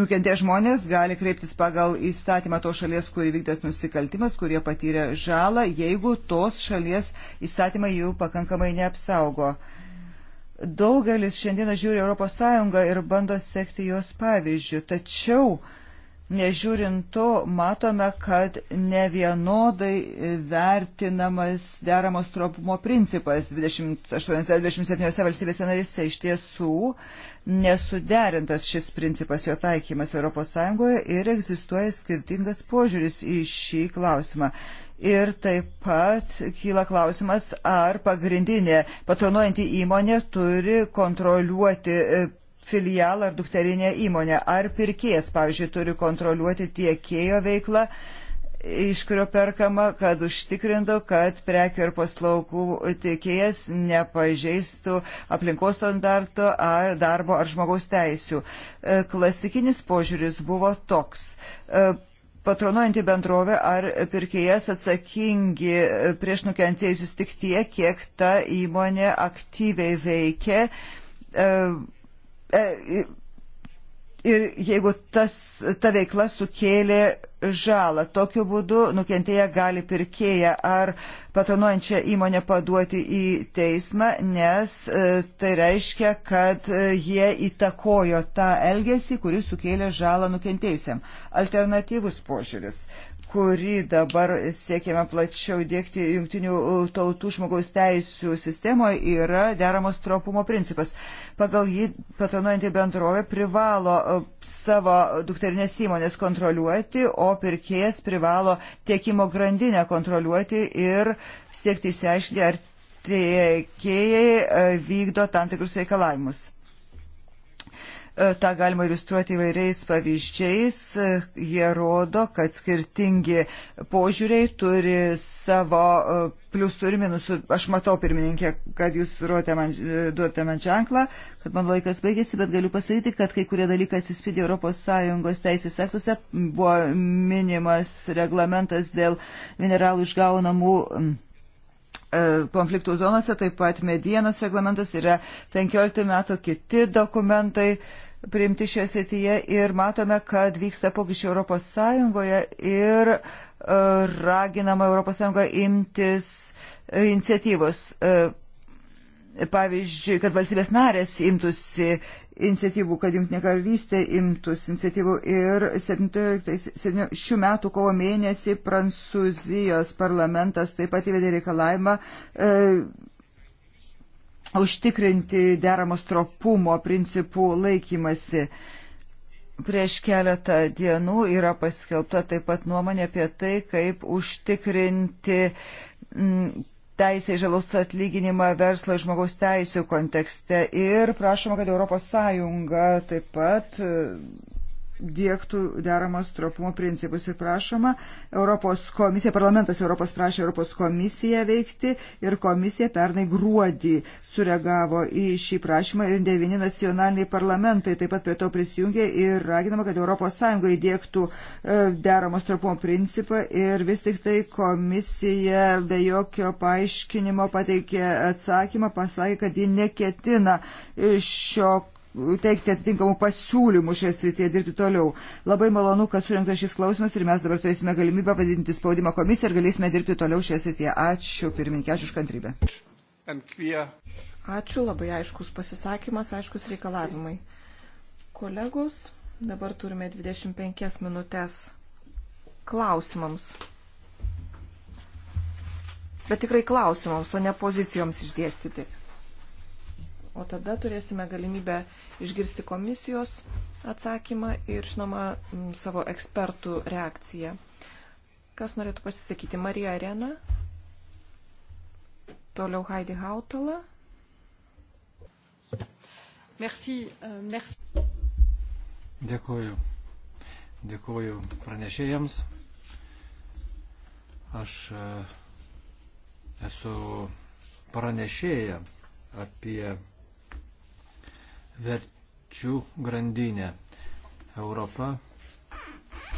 nukentė žmonės gali kreiptis pagal įstatymą tos šalies, kur įvyktas nusikaltimas, kurie patyrė žalą, jeigu tos šalies įstatymai jų pakankamai neapsaugo. Daugelis šiandieną žiūri ES ir bando sekti jos pavyzdžių, tačiau uh, Nežiūrint to, matome, kad ne vienodai vertinamas deramos tropumo principas 28-27 valstybėse narėse iš tiesų nesuderintas šis principas jo taikymas ES ir egzistuoja skirtingas požiūris į šį klausimą. Ir taip pat kyla klausimas, ar pagrindinė patronuojanti įmonė turi kontroliuoti e, filialą ar dukterinę įmonę, ar pirkėjas, pavyzdžiui, turi kontroliuoti tiekėjo veiklą, iš kurio perkama, kad užtikrintų, kad prekių ir paslaugų tiekėjas nepažeistų aplinkos standarto ar darbo ar žmogaus teisių. E, klasikinis požiūris buvo toks e, patronuojantį bendrovę ar pirkėjas atsakingi prieš nukentėjusius tik tiek, kiek ta įmonė aktyviai veikia e, E, ir jeigu tas, ta veikla sukėlė žalą. Tokiu būdu nukentėję gali pirkėją ar patronuojančią įmonę paduoti į teismą, nes e, tai reiškia, kad e, jie įtakojo tą elgesį, kuris sukėlė žalą nukentėjusiam. Alternatyvus požiūris kuri dabar siekiama plačiau dėkti jungtinių tautų žmogaus teisų sistemoje, yra deramos tropumo principas. Pagal jį patronuojantį bendrovę privalo e, savo dukterinės įmonės kontroliuoti, o pirkėjas privalo tiekimo grandinę kontroliuoti ir siekti išsiaiškinti, ar tiekėjai e, vykdo tam tikrus reikalavimus. E, tą galima iliustruoti įvairiais pavyzdžiais. E, jie rodo, kad skirtingi požiūriai turi savo e, pliusų ir minusų. Aš matau, pirmininkė, kad jūs man, duote man ženklą, kad man laikas baigėsi, bet galiu pasakyti, kad kai kurie dalykai atsispindi ES teisės aktuose. Buvo minimas reglamentas dėl mineralų išgaunamų konfliktų zonose, taip pat medienos reglamentas yra 15 metų kiti dokumentai priimti šioje srityje ir matome, kad vyksta pokyčiai Europos Sąjungoje ir e, raginama Europos Sąjunga imtis iniciatyvos. E, pavyzdžiui, kad valstybės narės imtųsi iniciatyvų, kad Junktinė karalystė imtųsi iniciatyvų ir 17, šių metų kovo mėnesį Prancūzijos parlamentas taip pat įvedė reikalavimą e, užtikrinti deramos tropumo principų laikymasi. Prieš keletą dienų yra paskelbta taip pat nuomonė apie tai, kaip užtikrinti mm, teisę į žalos atlyginimą verslo ir žmogaus teisų kontekste. Ir prašoma, kad ES taip pat dėktų deramos trapumo principus ir prašoma Europos komisija, parlamentas Europos prašė Europos komisiją veikti ir komisija pernai gruodį sureagavo į šį prašymą ir devini nacionaliniai parlamentai taip pat prie to prisijungė ir raginama, kad Europos Sąjunga įdėktų e, deramos trapumo principą ir vis tik tai komisija be jokio paaiškinimo pateikė atsakymą, pasakė, kad ji neketina e, šio teikti atitinkamų pasiūlymų šioje srityje dirbti toliau. Labai malonu, kad surinktas šis klausimas ir mes dabar turėsime galimybę padidinti spaudimą komisiją ir galėsime dirbti toliau šioje srityje. Ačiū pirmininkė, ačiū už kantrybę. Ačiū, labai aiškus pasisakymas, aiškus reikalavimai. Kolegos, dabar turime 25 minutės klausimams. Bet tikrai klausimams, o ne pozicijoms išdėstyti. O tada turėsime galimybę išgirsti komisijos atsakymą ir, žinoma, savo ekspertų reakciją. Kas norėtų pasisakyti? Marija Arena, toliau Heidi Hautala. Merci, euh, merci. Dėkuoju. Dėkuoju pranešėjams. Aš e, esu pranešėja apie verčių grandinė. Europa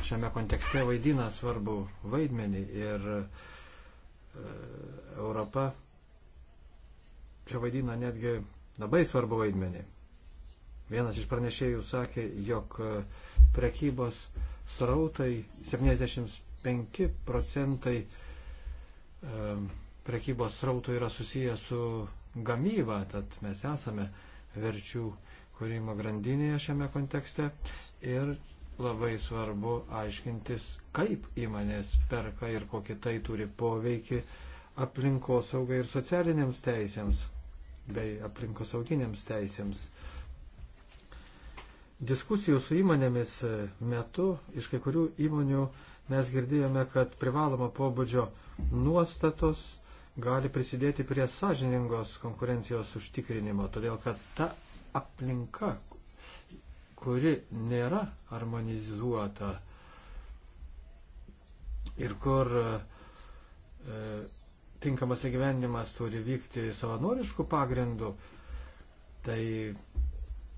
šiame kontekste vaidina svarbu vaidmenį ir e, Europa čia vaidina netgi labai svarbu vaidmenį. Vienas iš pranešėjų sakė, jog e, prekybos srautai 75 procentai e, prekybos srautų yra susiję su gamyba, tad mes esame verčių kūrimo grandinėje šiame kontekste ir labai svarbu aiškintis, kaip įmonės perka ir kokį tai turi poveikį aplinkosaugai ir socialiniams teisėms bei aplinkosauginiams teisėms. Diskusijų su įmonėmis metu iš kai kurių įmonių mes girdėjome, kad privaloma pobūdžio nuostatos gali prisidėti prie sąžiningos konkurencijos užtikrinimo, todėl kad ta aplinka, kuri nėra harmonizuota ir kur e, e, tinkamas įgyvendimas turi vykti savanoriškų pagrindų, tai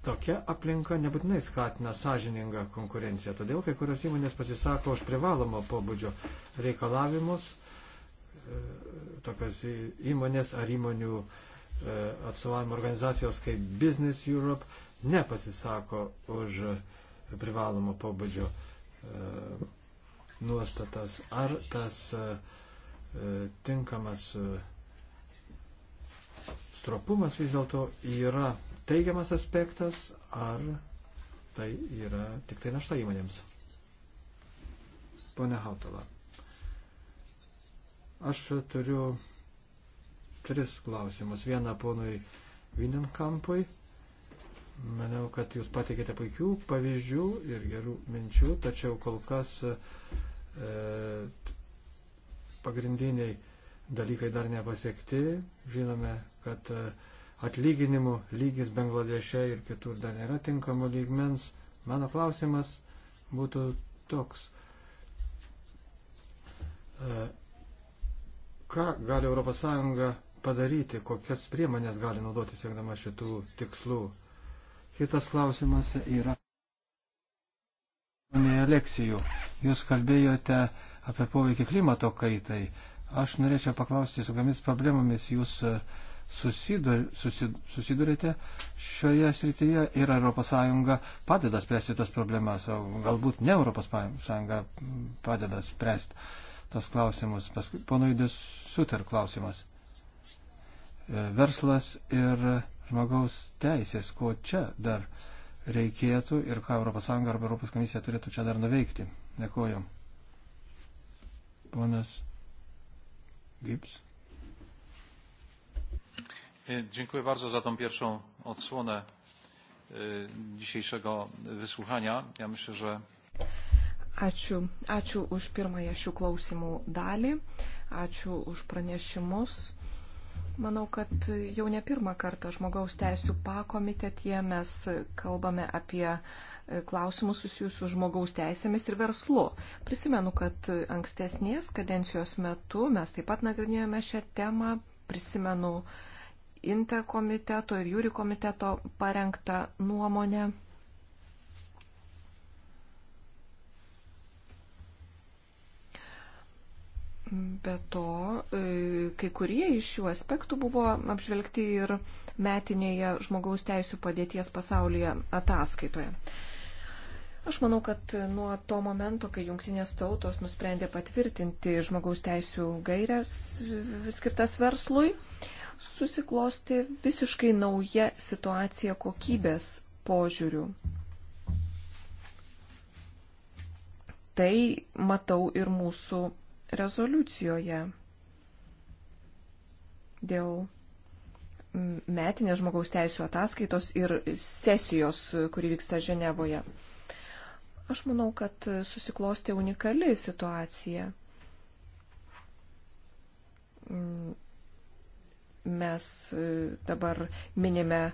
tokia aplinka nebūtinai skatina sąžiningą konkurenciją. Todėl kai kurios įmonės pasisako už privalomo pobūdžio reikalavimus. E, tokios įmonės ar įmonių e, atstovavimo organizacijos kaip Business Europe nepasisako už privalomo pobūdžio e, nuostatas. Ar tas e, tinkamas stropumas vis dėlto yra teigiamas aspektas, ar tai yra tik tai našta įmonėms? Pone Hautala. Aš turiu tris klausimus. Vieną ponui Vinenkampui. Maniau, kad jūs pateikėte puikių pavyzdžių ir gerų minčių, tačiau kol kas e, pagrindiniai dalykai dar nepasiekti. Žinome, kad e, atlyginimų lygis Bangladeše ir kitur dar nėra tinkamų lygmens. Mano klausimas būtų toks. E, Ką gali ES padaryti, kokias priemonės gali naudoti siekdama šitų tikslų? Kitas klausimas yra. Pone Aleksijų, jūs kalbėjote apie poveikį klimato kaitai. Aš norėčiau paklausti, su kokiamis problemomis jūs e, susidur, susid, susidurėte šioje srityje ir ES padeda spręsti tas problemas, o galbūt ne ES padeda spręsti tas klausimus. Paskui ponui Desuter klausimas. E, verslas ir žmogaus teisės, ko čia dar reikėtų ir ką ES arba ES komisija turėtų čia dar nuveikti. Dėkuoju. Ponas Gibbs. E, dziękuję bardzo za tą pierwszą odsłonę e, dzisiejszego wysłuchania. Ja myślę, że Ačiū. Ačiū už pirmąją šių klausimų dalį. Ačiū už pranešimus. Manau, kad jau ne pirmą kartą žmogaus teisų pakomitetie mes kalbame apie e, klausimus susijusius žmogaus teisėmis ir verslu. Prisimenu, kad ankstesnės kadencijos metu mes taip pat nagrinėjome šią temą. Prisimenu Inte komiteto ir Jūri komiteto parengtą nuomonę. Be to, e, kai kurie iš šių aspektų buvo apžvelgti ir metinėje žmogaus teisų padėties pasaulyje ataskaitoje. Aš manau, kad nuo to momento, kai jungtinės tautos nusprendė patvirtinti žmogaus teisų gairias skirtas verslui, susiklosti visiškai nauja situacija kokybės požiūrių. Tai matau ir mūsų rezoliucijoje dėl metinės žmogaus teisų ataskaitos ir sesijos, kuri vyksta Ženevoje. Aš manau, kad susiklostė unikali situacija. Mm, mes e, dabar minime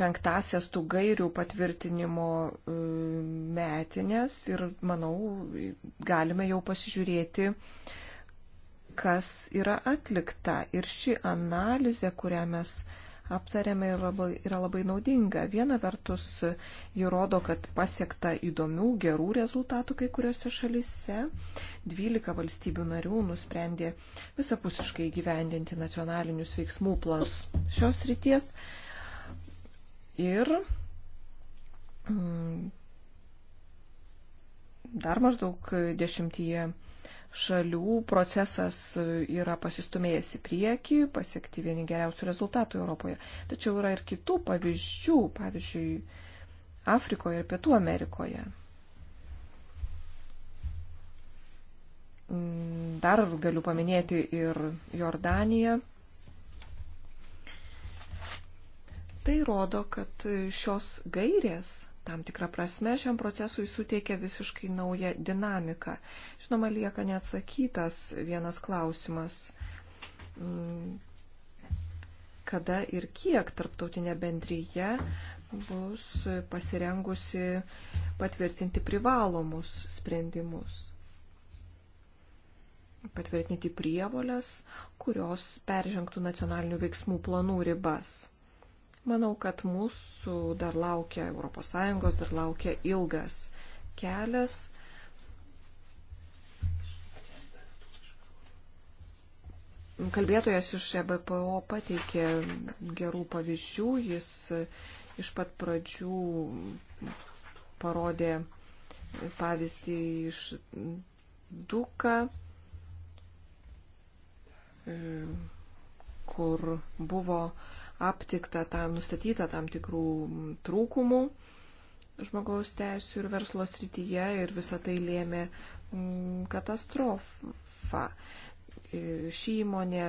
penktasias tų gairių patvirtinimo e, metinės ir manau galime jau pasižiūrėti, kas yra atlikta. Ir ši analizė, kurią mes aptarėme, yra labai, yra labai naudinga. Viena vertus, ji rodo, kad pasiekta įdomių, gerų rezultatų kai kuriuose šalise. 12 valstybių narių nusprendė visapusiškai gyvendinti nacionalinius veiksmų planus šios ryties. Ir mm, dar maždaug dešimtyje šalių procesas yra pasistumėjęs į priekį, pasiekti vieni geriausių rezultatų Europoje. Tačiau yra ir kitų pavyzdžių, pavyzdžiui, Afrikoje ir Pietų Amerikoje. Mm, dar galiu paminėti ir Jordaniją, Tai rodo, kad šios gairės tam tikrą prasme šiam procesui suteikia visiškai naują dinamiką. Žinoma, lieka neatsakytas vienas klausimas, mm, kada ir kiek tarptautinė bendryje bus pasirengusi patvirtinti privalomus sprendimus, patvirtinti prievolės, kurios peržengtų nacionalinių veiksmų planų ribas. Manau, kad mūsų dar laukia ES, dar laukia ilgas kelias. Kalbėtojas iš EBPO pateikė gerų pavyzdžių, jis iš pat pradžių parodė pavyzdį iš Duka, e, kur buvo uh, aptikta, tam nustatyta tam tikrų trūkumų žmogaus teisų ir verslo srityje ir visą tai lėmė mm, katastrofą. E, ši įmonė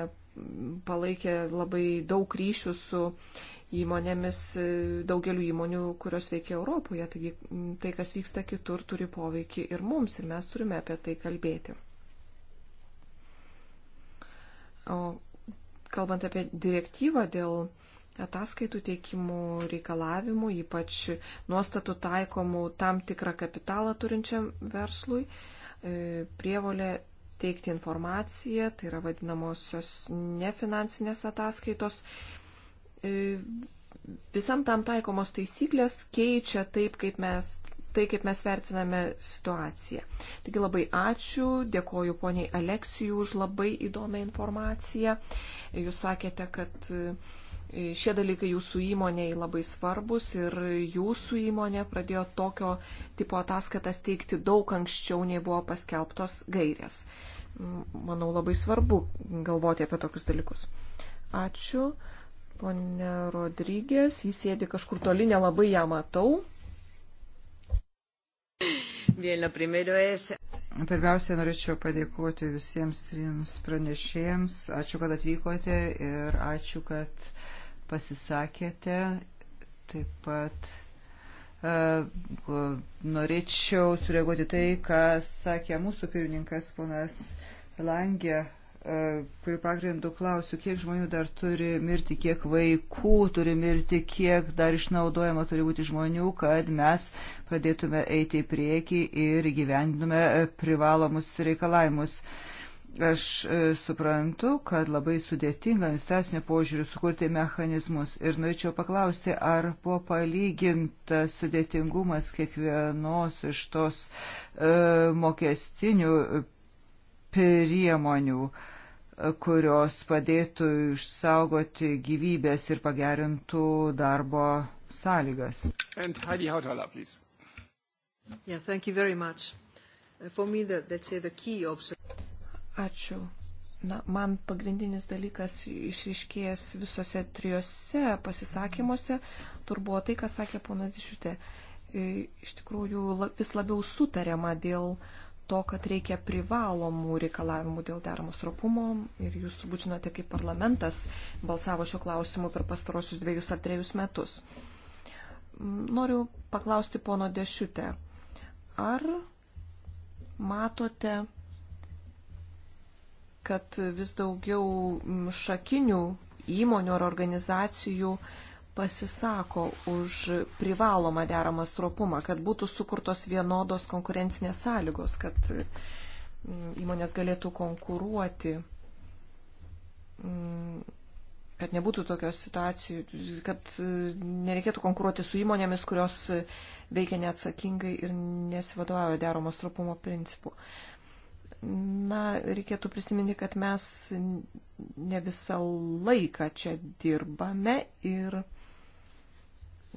palaikė labai daug ryšių su įmonėmis, e, daugeliu įmonių, kurios veikia Europoje. Taigi mm, tai, kas vyksta kitur, turi poveikį ir mums, ir mes turime apie tai kalbėti. O kalbant apie direktyvą dėl ataskaitų teikimų reikalavimų, ypač nuostatų taikomų tam tikrą kapitalą turinčiam verslui, e, prievolė teikti informaciją, tai yra vadinamosios nefinansinės ataskaitos. E, visam tam taikomos taisyklės keičia taip, kaip mes, tai, kaip mes vertiname situaciją. Taigi labai ačiū, dėkoju poniai Aleksijų už labai įdomią informaciją. Jūs sakėte, kad e, šie dalykai jūsų įmoniai labai svarbus ir jūsų įmonė pradėjo tokio tipo ataskaitas teikti daug anksčiau, nei buvo paskelbtos gairės. Manau, labai svarbu galvoti apie tokius dalykus. Ačiū. Pone Rodrygės, jis sėdi kažkur toli, nelabai ją matau. Pirmiausia, norėčiau padėkoti visiems trims pranešėjams. Ačiū, kad atvykote ir ačiū, kad pasisakėte. Taip pat e, norėčiau sureaguoti tai, ką sakė mūsų pirmininkas ponas Langė E, kurių pagrindų klausiu, kiek žmonių dar turi mirti, kiek vaikų turi mirti, kiek dar išnaudojama turi būti žmonių, kad mes pradėtume eiti į priekį ir gyvendume e, privalomus reikalavimus. Aš e, suprantu, kad labai sudėtinga administracinio požiūrių sukurti mechanizmus ir norėčiau paklausti, ar buvo palygintas sudėtingumas kiekvienos iš tos e, mokestinių priemonių, kurios padėtų išsaugoti gyvybės ir pagerintų darbo sąlygas. Hautala, yeah, uh, the, the Ačiū. Na, man pagrindinis dalykas išriškėjęs visose trijose pasisakymuose turbūt tai, ką sakė ponas Dišiutė. Iš tikrųjų, vis labiau sutarėma dėl uh, to, kad reikia privalomų reikalavimų dėl deramo stropumo. Ir jūs turbūt žinote, kaip parlamentas balsavo šio klausimu per pastarosius dviejus ar trejus metus. Noriu paklausti pono Dešiutę, ar matote, kad vis daugiau šakinių įmonių ar organizacijų uh, pasisako už privalomą deramą stropumą, kad būtų sukurtos vienodos konkurencinės sąlygos, kad mm, įmonės galėtų konkuruoti, mm, kad nebūtų tokios situacijų, kad mm, nereikėtų konkuruoti su įmonėmis, kurios veikia neatsakingai ir nesivadovauja deromo stropumo principu. Na, reikėtų prisiminti, kad mes ne visą laiką čia dirbame ir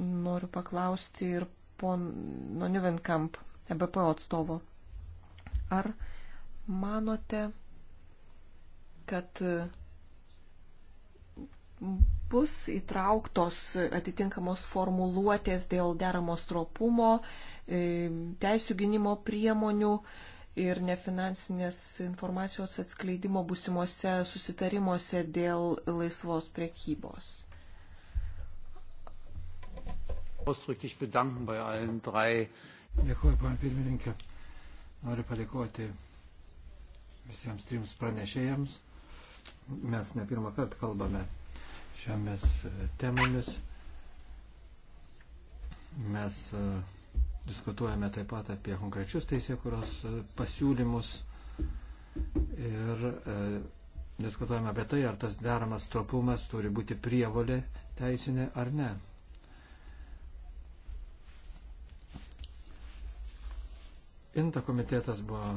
Noriu paklausti ir pono Nivenkamp, EBPO atstovo. Ar manote, kad e, bus įtrauktos atitinkamos formuluotės dėl deramo stropumo, e, teisų gynimo priemonių ir nefinansinės informacijos atskleidimo busimuose susitarimuose dėl laisvos priekybos ausdrücklich bedanken bei allen drei. Dėkuoju, pan pirmininkė. Noriu padėkoti visiems trims pranešėjams. Mes ne pirmą kartą kalbame šiomis e, temomis. Mes e, diskutuojame taip pat apie konkrečius teisėkuros e, pasiūlymus ir e, diskutuojame apie tai, ar tas deramas tropumas turi būti prievolė teisinė ar ne. Inta komitetas buvo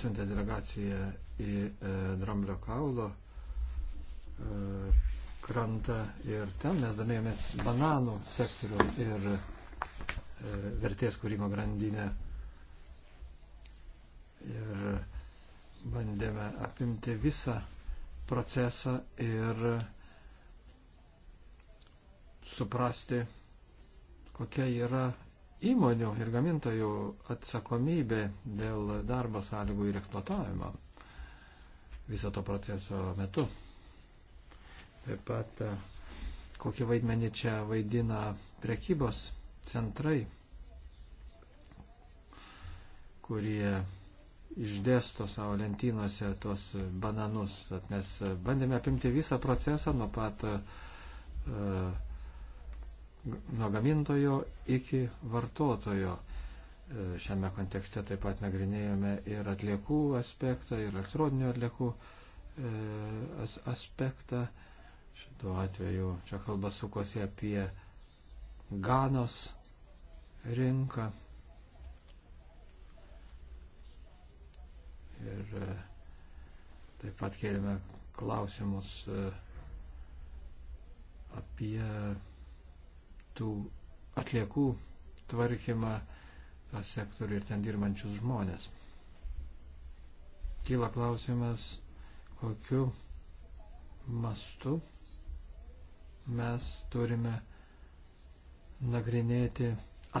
siuntė delegaciją į e, Dramblio kaulo e, krantą ir ten mes domėjomės bananų sektorių ir e, vertės kūrimo grandinę. Ir bandėme apimti visą procesą ir suprasti, kokia yra įmonių ir gamintojų atsakomybė dėl darbo sąlygų ir eksploatavimo viso to proceso metu. Taip pat e, kokį vaidmenį čia vaidina prekybos centrai, kurie išdėsto savo lentynose tuos bananus. Tad mes bandėme apimti visą procesą nuo pat uh, nuo gamintojo iki vartotojo. E, šiame kontekste taip pat nagrinėjome ir atliekų aspektą, ir elektroninių atliekų e, as, aspektą. Šituo atveju čia kalba sukosi apie Ganos rinką. Ir e, taip pat kėlėme klausimus apie tų atliekų tvarkymą tą sektorių ir ten dirbančius žmonės. Kyla klausimas, kokiu mastu mes turime nagrinėti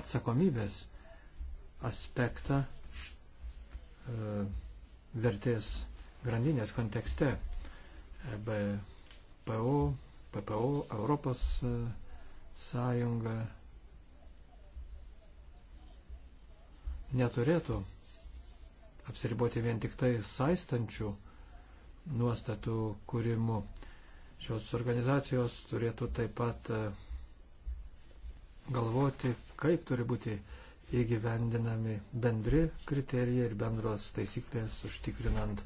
atsakomybės aspektą e, vertės grandinės kontekste. EBPO, PPO, Europos e, sąjunga neturėtų apsiriboti vien tik tai saistančių nuostatų kūrimu. Šios organizacijos turėtų taip pat e, galvoti, kaip turi būti įgyvendinami bendri kriterijai ir bendros taisyklės užtikrinant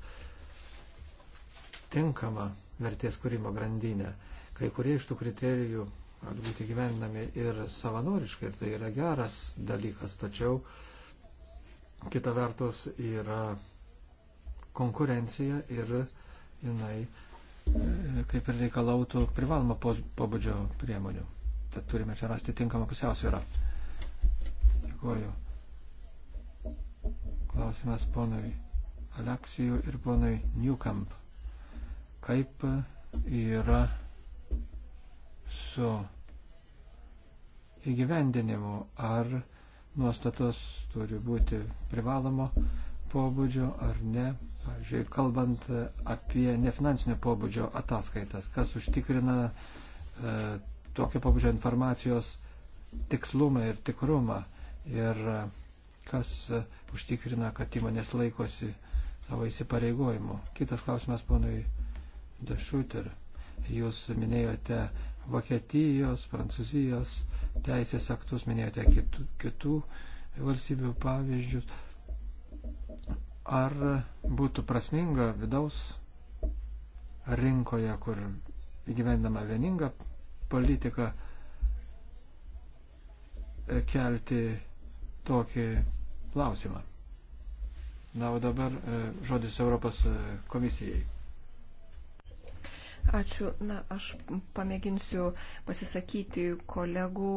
tinkamą vertės kūrimo grandinę. Kai kurie iš tų kriterijų gali būti gyvendami ir savanoriškai, ir tai yra geras dalykas, tačiau kita vertus yra konkurencija ir jinai e, kaip ir reikalautų privalomą pobūdžio priemonių. Tad turime čia rasti tinkamą pusiausvyrą. Dėkuoju. Klausimas ponui Aleksijų ir ponui Newcamp. Kaip yra su įgyvendinimu, ar nuostatos turi būti privalomo pobūdžio ar ne. Pavyzdžiui, kalbant apie nefinansinio pobūdžio ataskaitas, kas užtikrina e, tokio pobūdžio informacijos tikslumą ir tikrumą ir kas e, užtikrina, kad įmonės laikosi savo įsipareigojimu. Kitas klausimas ponui Dešuter. Jūs minėjote Vokietijos, Prancūzijos teisės aktus, minėjote kitų, kitų valstybių pavyzdžius. Ar būtų prasminga vidaus rinkoje, kur įgyvendama vieninga politika, kelti tokį klausimą? Na, o dabar e, žodis Europos e, komisijai. Ačiū. Na, aš pamėginsiu pasisakyti kolegų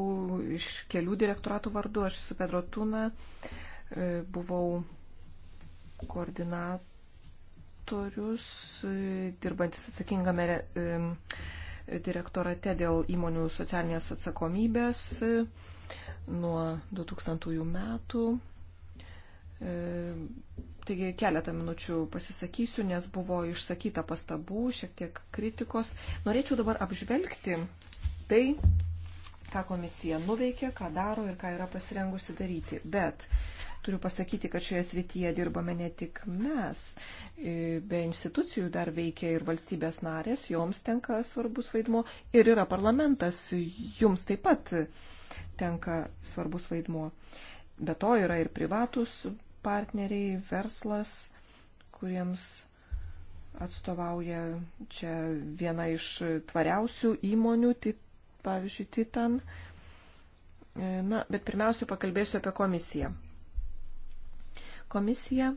iš kelių direktoratų vardu. Aš esu Pedro Tuna, e, buvau koordinatorius, e, dirbantis atsakingame e, direktorate dėl įmonių socialinės atsakomybės nuo 2000 metų. E, taigi keletą minučių pasisakysiu, nes buvo išsakyta pastabų, šiek tiek kritikos. Norėčiau dabar apžvelgti tai, ką komisija nuveikė, ką daro ir ką yra pasirengusi daryti. Bet turiu pasakyti, kad šioje srityje dirbame ne tik mes, e, be institucijų dar veikia ir valstybės narės, joms tenka svarbus vaidmo ir yra parlamentas, jums taip pat tenka svarbus vaidmo. Be to yra ir privatus partneriai, verslas, kuriems atstovauja čia viena iš tvariausių įmonių, tit, pavyzdžiui, Titan. E, na, bet pirmiausia, pakalbėsiu apie komisiją. Komisija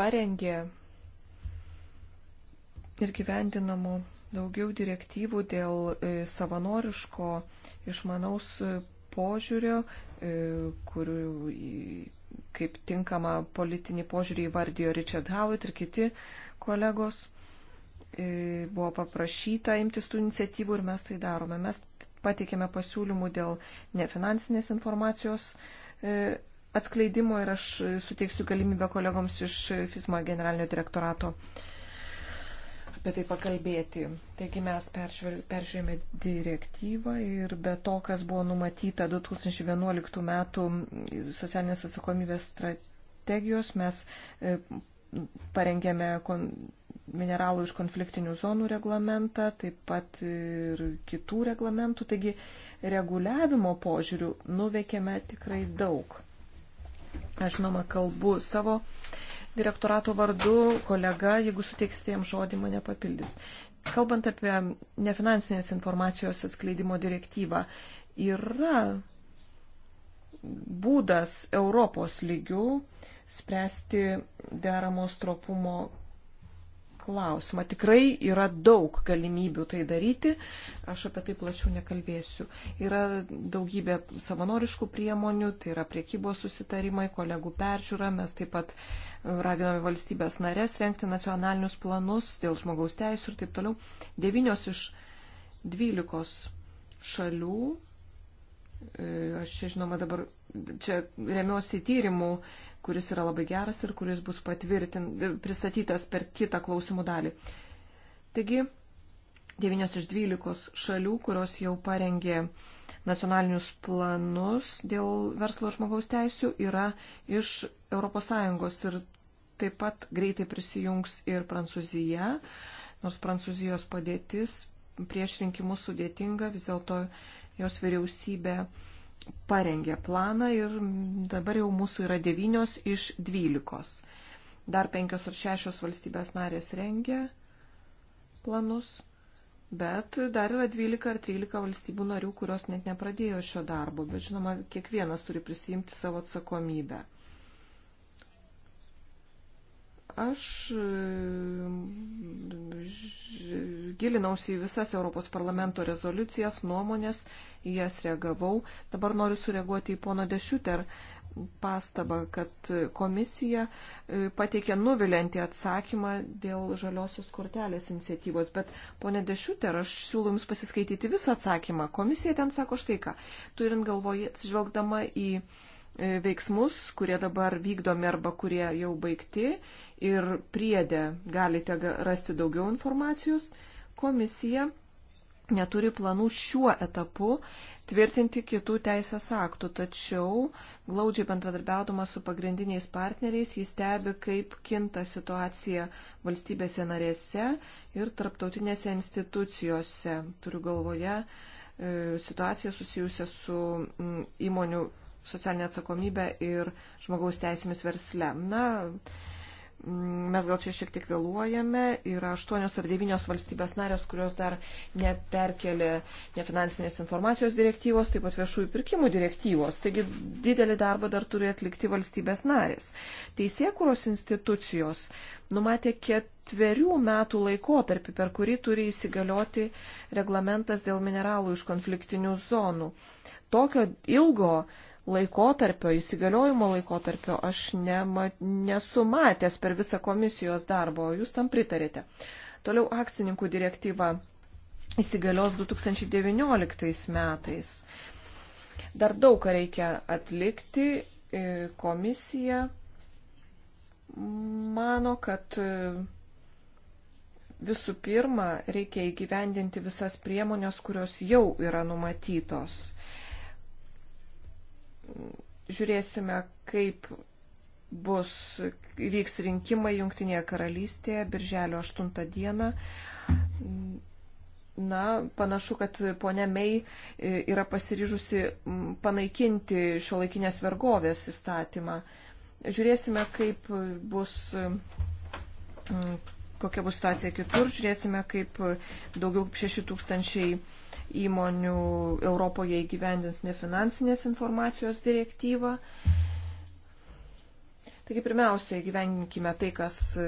parengė ir gyvendinamų daugiau direktyvų dėl e, savanoriško išmanaus e, požiūrio, e, kur kaip tinkama politinį požiūrį įvardijo Richard Howitt ir kiti kolegos. Buvo paprašyta imtis tų iniciatyvų ir mes tai darome. Mes pateikėme pasiūlymų dėl nefinansinės informacijos atskleidimo ir aš suteiksiu galimybę kolegoms iš FISMA generalinio direktorato uh, apie tai pakalbėti. Taigi mes peržiūrėjome direktyvą ir be to, kas buvo numatyta 2011 metų socialinės atsakomybės strategijos, mes e, parengėme mineralų iš konfliktinių zonų reglamentą, taip pat ir kitų reglamentų. Taigi reguliavimo požiūrių nuveikėme tikrai daug. Aš žinoma kalbu savo uh, direktorato vardu kolega, jeigu suteiksite jam žodį, mane papildys. Kalbant apie nefinansinės informacijos atskleidimo direktyvą, yra būdas Europos lygių spręsti deramos tropumo klausimą. Tikrai yra daug galimybių tai daryti, aš apie tai plačiau nekalbėsiu. Yra daugybė savanoriškų priemonių, tai yra priekybos susitarimai, kolegų peržiūra, mes taip pat raginome valstybės narės renkti nacionalinius planus dėl žmogaus teisų ir taip toliau. Devynios iš dvylikos šalių, e, aš čia žinoma dabar, čia remiuosi tyrimu, kuris yra labai geras ir kuris bus patvirtint, e, pristatytas per kitą klausimų dalį. Taigi, devynios iš dvylikos šalių, kurios jau parengė nacionalinius planus dėl verslo žmogaus teisių yra iš ES ir taip pat greitai prisijungs ir Prancūzija, nors Prancūzijos padėtis prieš rinkimus sudėtinga, vis dėlto jos vyriausybė parengė planą ir dabar jau mūsų yra devynios iš dvylikos. Dar penkios ar šešios valstybės narės rengia planus. Bet dar yra 12 ar 13 valstybių narių, kurios net nepradėjo šio darbo, bet žinoma, kiekvienas turi prisimti savo atsakomybę. Aš e, gilinausi į visas Europos parlamento rezoliucijas, nuomonės, į jas reagavau. Dabar noriu sureaguoti į pono Dešiuter pastabą, kad komisija e, pateikė nuvilintį atsakymą dėl žaliosios kortelės iniciatyvos. Bet, ponė Dešiuter, aš siūlau Jums pasiskaityti visą atsakymą. Komisija ten sako štai ką. Turint galvoje, atsižvelgdama į E, veiksmus, kurie dabar vykdomi arba kurie jau baigti ir priedę galite rasti daugiau informacijos. Komisija neturi planų šiuo etapu tvirtinti kitų teisės aktų, tačiau glaudžiai bendradarbiaudama su pagrindiniais partneriais jis stebi, kaip kinta situacija valstybėse narėse ir tarptautinėse institucijose. Turiu galvoje e, situaciją susijusią su įmonių socialinę atsakomybę ir žmogaus teisėmis versle. Na, mm, mes gal čia šiek tiek vėluojame, yra aštuonios ar devynios valstybės narės, kurios dar neperkelė nefinansinės informacijos direktyvos, taip pat viešųjų pirkimų direktyvos. Taigi didelį darbą dar turi atlikti valstybės narės. Teisėkuros institucijos numatė ketverių metų laikotarpį, per kurį turi įsigalioti reglamentas dėl mineralų iš konfliktinių zonų. Tokio ilgo laikotarpio, įsigaliojimo laikotarpio aš nema, nesu matęs per visą komisijos darbą, o jūs tam pritarėte. Toliau akcininkų direktyva įsigalios 2019 metais. Dar daug ką reikia atlikti. E, komisija mano, kad e, visų pirma reikia įgyvendinti visas priemonės, kurios jau yra numatytos žiūrėsime, kaip bus, vyks rinkimai Junktinėje karalystėje birželio 8 dieną. Na, panašu, kad ponia Mei yra pasiryžusi panaikinti šio laikinės vergovės įstatymą. Žiūrėsime, kaip bus, kokia bus situacija kitur, žiūrėsime, kaip daugiau 6 tūkstančiai 000 įmonių Europoje įgyvendins nefinansinės informacijos direktyvą. Taigi pirmiausia, gyvenkime tai, kas e,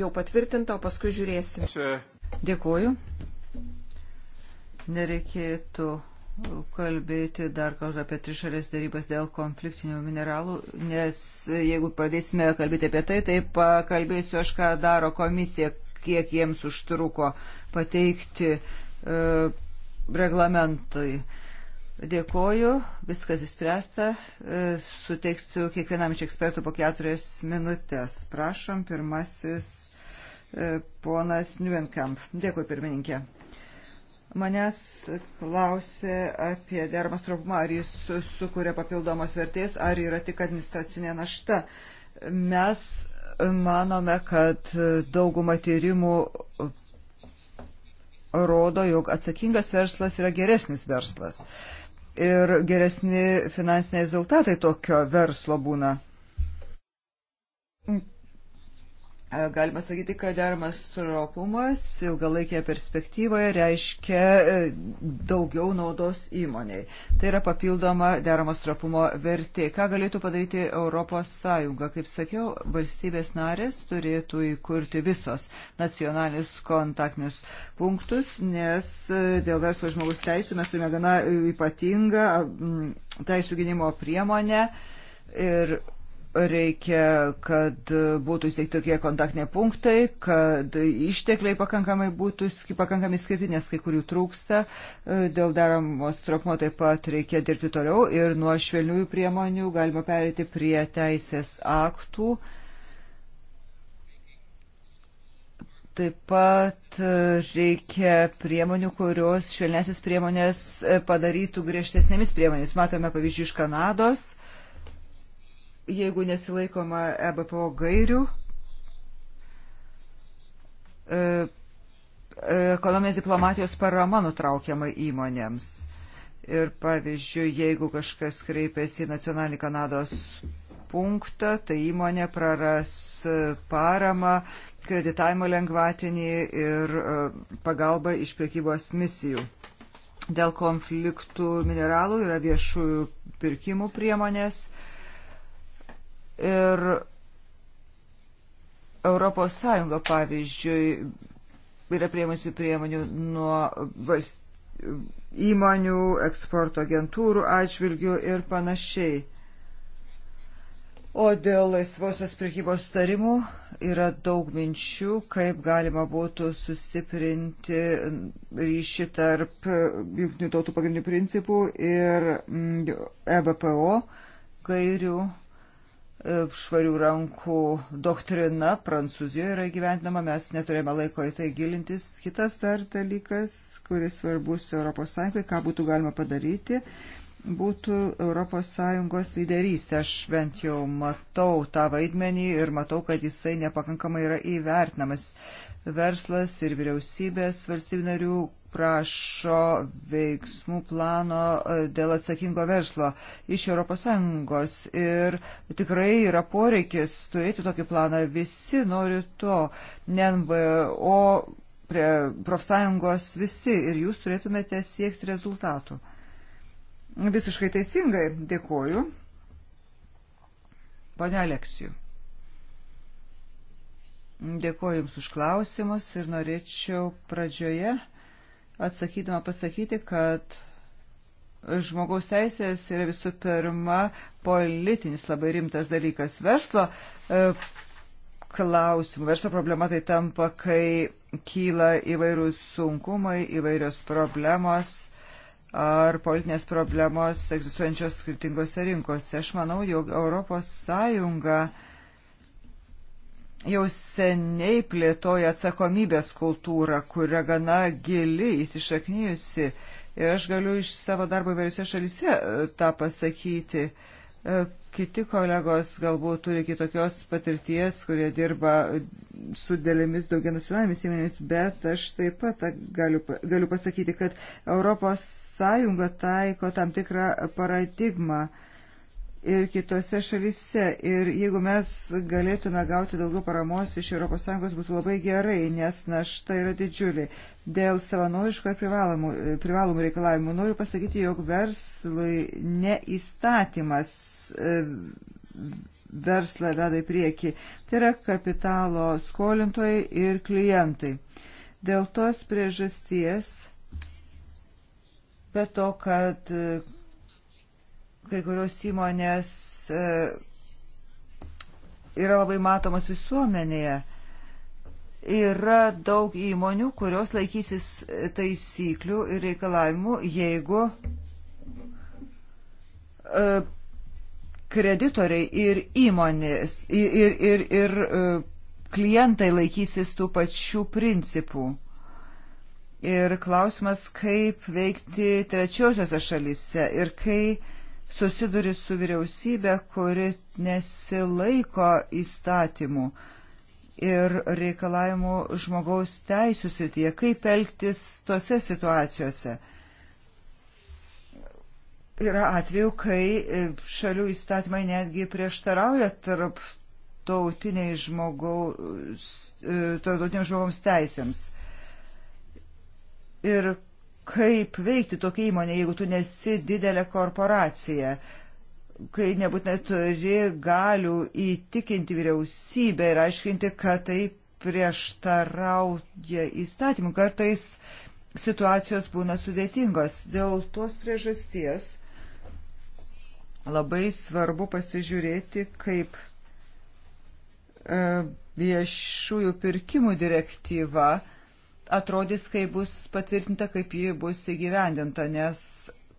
jau patvirtinta, o paskui žiūrėsim. Dėkuoju. Nereikėtų kalbėti dar kartą apie trišalės darybas dėl konfliktinių mineralų, nes jeigu pradėsime kalbėti apie tai, tai pakalbėsiu aš, ką daro komisija, kiek jiems užtruko pateikti. Uh, reglamentui. Dėkoju, viskas įspręsta. E, suteiksiu kiekvienam iš ekspertų po keturias minutės. Prašom, pirmasis e, ponas Nuenkamp. Dėkui, pirmininkė. Manęs klausė apie dermas trūkumą, ar jis sukuria papildomos vertės, ar yra tik administracinė našta. Mes manome, kad daugumą tyrimų rodo, jog atsakingas verslas yra geresnis verslas. Ir geresni finansiniai rezultatai tokio verslo būna. E, galima sakyti, kad deramas stropumas ilgalaikėje perspektyvoje reiškia e, daugiau naudos įmoniai. Tai yra papildoma deramo stropumo vertė. Ką galėtų padaryti Europos Sąjunga? Kaip sakiau, valstybės narės turėtų įkurti visos nacionalinius kontaktinius punktus, nes e, dėl verslo žmogus teisų mes turime gana ypatingą teisų gynimo priemonę. Ir reikia, kad būtų įsteigti tokie kontaktiniai punktai, kad ištekliai pakankamai būtų pakankamai skirti, nes kai kurių trūksta. Dėl daromos trukmo taip pat reikia dirbti toliau ir nuo švelniųjų priemonių galima perėti prie teisės aktų. Taip pat reikia priemonių, kurios švelnesis priemonės padarytų griežtesnėmis priemonėmis. Matome pavyzdžių iš Kanados jeigu nesilaikoma EBPO gairių, e, e, ekonominės diplomatijos parama nutraukiama įmonėms. Ir pavyzdžiui, jeigu kažkas kreipiasi į nacionalinį Kanados punktą, tai įmonė praras paramą, kreditavimo lengvatinį ir e, pagalbą iš priekybos misijų. Dėl konfliktų mineralų yra viešųjų pirkimų priemonės. Ir Europos Sąjunga, pavyzdžiui, yra priemasių priemonių nuo valst... įmonių, eksporto agentūrų atžvilgių ir panašiai. O dėl laisvosios prekybos tarimų yra daug minčių, kaip galima būtų sustiprinti ryšį tarp jungtinių tautų pagrindinių principų ir mm, EBPO gairių E, švarių rankų doktrina Prancūzijoje yra gyventinama, mes neturėjome laiko į tai gilintis. Kitas dar dalykas, kuris svarbus ES, ką būtų galima padaryti, būtų ES lyderystė. Aš bent jau matau tą vaidmenį ir matau, kad jisai nepakankamai yra įvertinamas. Verslas ir vyriausybės valstybių narių prašo veiksmų plano e, dėl atsakingo verslo iš ES ir tikrai yra poreikis turėti tokį planą. Visi nori to, ne NVO, profsąjungos, visi ir jūs turėtumėte siekti rezultatų. Visiškai teisingai, dėkoju. Pane Aleksijų. Dėkoju Jums už klausimus ir norėčiau pradžioje atsakydama pasakyti, kad žmogaus teisės yra visų pirma politinis labai rimtas dalykas. Verslo e, klausimų, verslo problema tai tampa, kai kyla įvairūs sunkumai, įvairios problemos ar politinės problemos egzistuojančios skirtingose rinkose. Aš manau, jog Europos Sąjunga uh, jau seniai plėtoja atsakomybės kultūrą, kuria gana gili įsišaknyjusi. Ir aš galiu iš savo darbo įvairiose šalise e, tą pasakyti. E, kiti kolegos galbūt turi kitokios patirties, kurie dirba e, su dėlėmis daugia nacionalinėmis įmonėmis, bet aš taip pat galiu, galiu pasakyti, kad Europos Sąjunga taiko tam tikrą paradigmą. Uh, ir kitose šalise. Ir jeigu mes galėtume gauti daugiau paramos iš ES, būtų labai gerai, nes našta yra didžiulė. Dėl savanoriško ir privalomų, privalomų reikalavimų noriu pasakyti, jog verslui neįstatymas e, verslą veda į priekį. Tai yra kapitalo skolintojai ir klientai. Dėl tos priežasties, be to, kad Kai kurios įmonės e, yra labai matomas visuomenėje. Yra daug įmonių, kurios laikysis taisyklių ir reikalavimų, jeigu e, kreditoriai ir įmonės ir, ir, ir, ir e, klientai laikysis tų pačių principų. Ir klausimas, kaip veikti trečiosiose šalyse ir kai uh, susiduri su vyriausybė, kuri nesilaiko įstatymų ir reikalavimų žmogaus teisų srityje. Kaip elgtis tose situacijose? Yra atveju, kai e, šalių įstatymai netgi prieštarauja tarp tautiniai žmogaus, e, tautiniams žmogaus teisėms. Ir kaip veikti tokia įmonė, jeigu tu nesi didelė korporacija, kai nebūtinai turi galių įtikinti vyriausybę ir aiškinti, kad tai prieštarauja įstatymų. Kartais situacijos būna sudėtingos. Dėl tos priežasties labai svarbu pasižiūrėti, kaip e, viešųjų pirkimų direktyva uh, atrodys, kai bus patvirtinta, kaip ji bus įgyvendinta, nes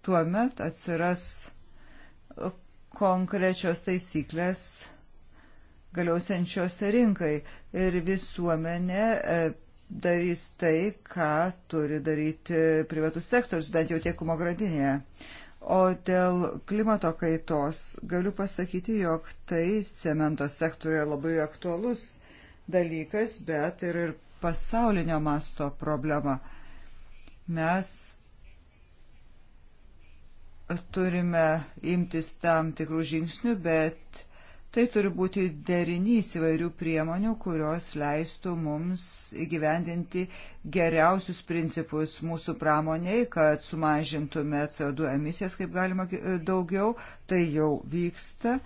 tuo met atsiras konkrečios taisyklės galiausiančios rinkai ir visuomenė e, darys tai, ką turi daryti privatus sektorius, bent jau tiekumo gradinėje. O dėl klimato kaitos galiu pasakyti, jog tai cemento sektorioje labai aktualus dalykas, bet ir, ir pasaulinio masto problema. Mes turime imtis tam tikrų žingsnių, bet tai turi būti derinys įvairių priemonių, kurios leistų mums įgyvendinti geriausius principus mūsų pramoniai, kad sumažintume CO2 emisijas kaip galima daugiau. Tai jau vyksta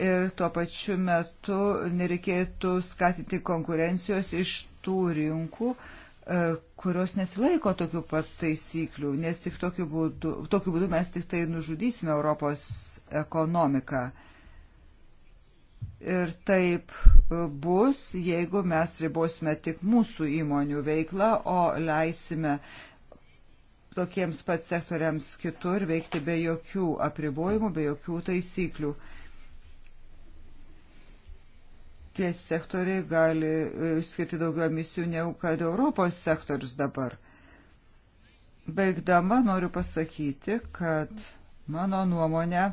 ir tuo pačiu metu nereikėtų skatinti konkurencijos iš tų rinkų, e, kurios nesilaiko tokių pat taisyklių, nes tik tokiu būdu, tokiu būdu mes tik tai nužudysime Europos ekonomiką. Ir taip e, bus, jeigu mes ribosime tik mūsų įmonių veiklą, o leisime tokiems pat sektoriams kitur veikti be jokių apribojimų, be jokių taisyklių tie sektoriai gali e, skirti daugiau emisijų negu kad Europos sektorius dabar. Baigdama noriu pasakyti, kad mano nuomonė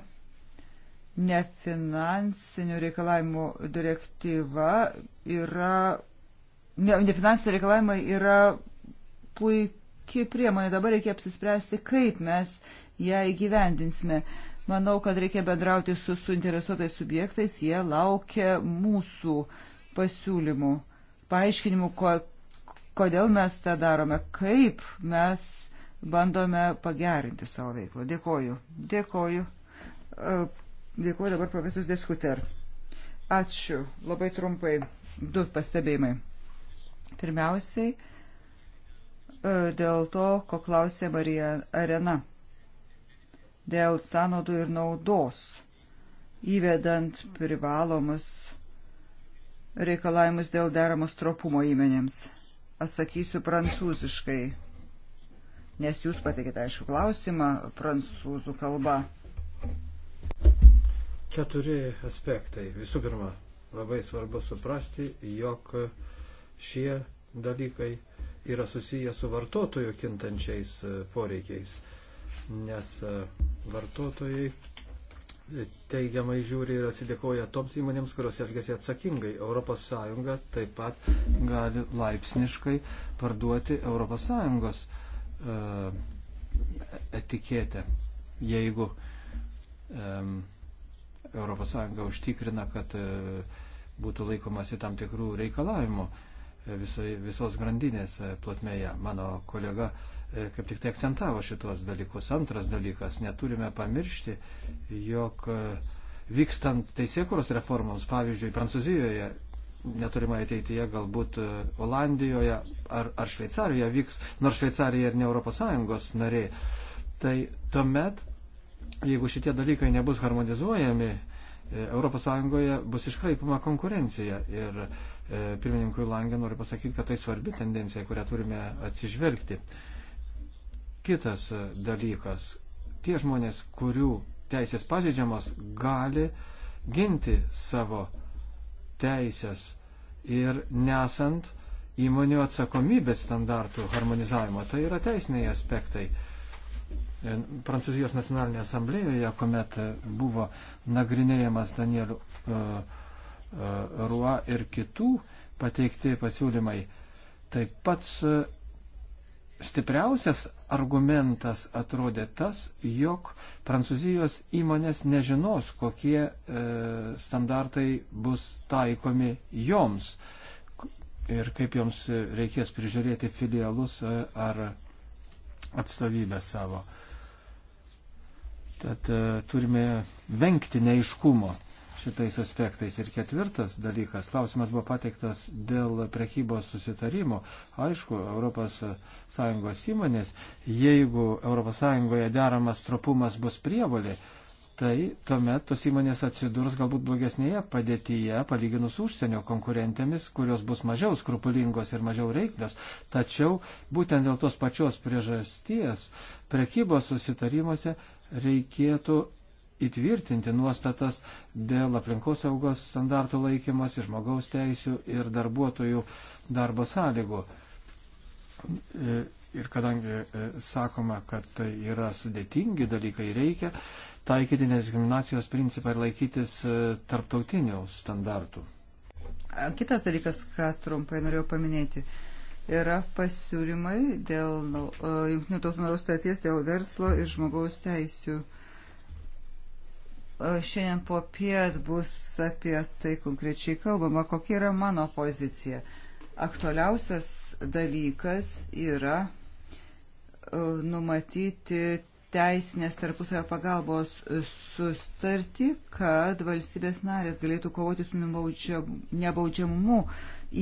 nefinansinių reikalavimų direktyva yra, nefinansiniai ne reikalavimai yra puikiai priemonė. Dabar reikia apsispręsti, kaip mes ją įgyvendinsime. Manau, kad reikia bendrauti su suinteresuotais subjektais, jie laukia mūsų pasiūlymų, paaiškinimų, ko, kodėl mes tą darome, kaip mes bandome pagerinti savo veiklą. Dėkoju. Dėkoju. E, dėkoju dabar profesorius Diskuter. Ačiū. Labai trumpai du pastebėjimai. Pirmiausiai, e, dėl to, ko klausė Marija Arena dėl sąnaudų ir naudos, įvedant privalomus reikalavimus dėl deramos tropumo įmenėms. Atsakysiu prancūziškai, nes jūs patikite, aišku, klausimą prancūzų kalba. Keturi aspektai. Visų pirma, labai svarbu suprasti, jog šie dalykai yra susiję su vartotojų kintančiais poreikiais nes e, vartotojai e, teigiamai žiūri ir atsidėkoja toms įmonėms, kurios elgesi atsakingai. ES taip pat gali laipsniškai parduoti ES e, etiketę, jeigu um, ES užtikrina, kad uh, būtų laikomasi tam tikrų reikalavimų visos grandinės plotmėje. Mano kolega uh, E, kaip tik tai akcentavo šitos dalykus. Antras dalykas, neturime pamiršti, jog e, vykstant teisėkuros reformams, pavyzdžiui, Prancūzijoje, neturime ateityje galbūt e, Olandijoje ar, ar Šveicarijoje vyks, nors Šveicarija ir ne ES nariai, tai tuomet, jeigu šitie dalykai nebus harmonizuojami, ES bus iškraipama konkurencija. Ir e, pirmininkui Langė noriu pasakyti, kad tai svarbi tendencija, kurią turime atsižvelgti. E, Kitas e, dalykas, tie žmonės, kurių teisės pažeidžiamos, gali ginti savo teisės ir nesant įmonių atsakomybės standartų harmonizavimo. Tai yra teisiniai aspektai. E, Prancūzijos nacionalinėje asamblėjoje, kuomet e, buvo nagrinėjamas Danielių uh, uh, Rua ir kitų pateikti pasiūlymai, taip pat stipriausias argumentas atrodė tas, jog prancūzijos įmonės nežinos, kokie e, standartai bus taikomi joms ir kaip joms reikės prižiūrėti filialus ar atstovybę savo. Tad e, turime vengti neiškumo šitais aspektais. Ir ketvirtas dalykas, klausimas buvo pateiktas dėl prekybos susitarimo. Aišku, ES įmonės, jeigu ES deramas tropumas bus prievalė, tai tuomet tos įmonės atsidurs galbūt blogesnėje padėtyje palyginus užsienio konkurentėmis, kurios bus mažiau skrupulingos ir mažiau reiklios. Tačiau būtent dėl tos pačios priežasties prekybos susitarimuose reikėtų įtvirtinti nuostatas dėl aplinkosaugos standartų laikymas, žmogaus teisių ir darbuotojų darbo sąlygų. E, ir kadangi e, sakoma, kad tai yra sudėtingi dalykai, reikia taikyti nediskriminacijos principą ir laikytis e, tarptautinių standartų. Kitas dalykas, ką trumpai norėjau paminėti yra pasiūlymai dėl Junktinių tautų narų staties dėl verslo ir žmogaus teisių. E, šiandien po piet bus apie tai konkrečiai kalbama, kokia yra mano pozicija. Aktualiausias dalykas yra e, numatyti teisinės tarpusavio pagalbos sustarti, kad valstybės narės galėtų kovoti su nebaudžiamumu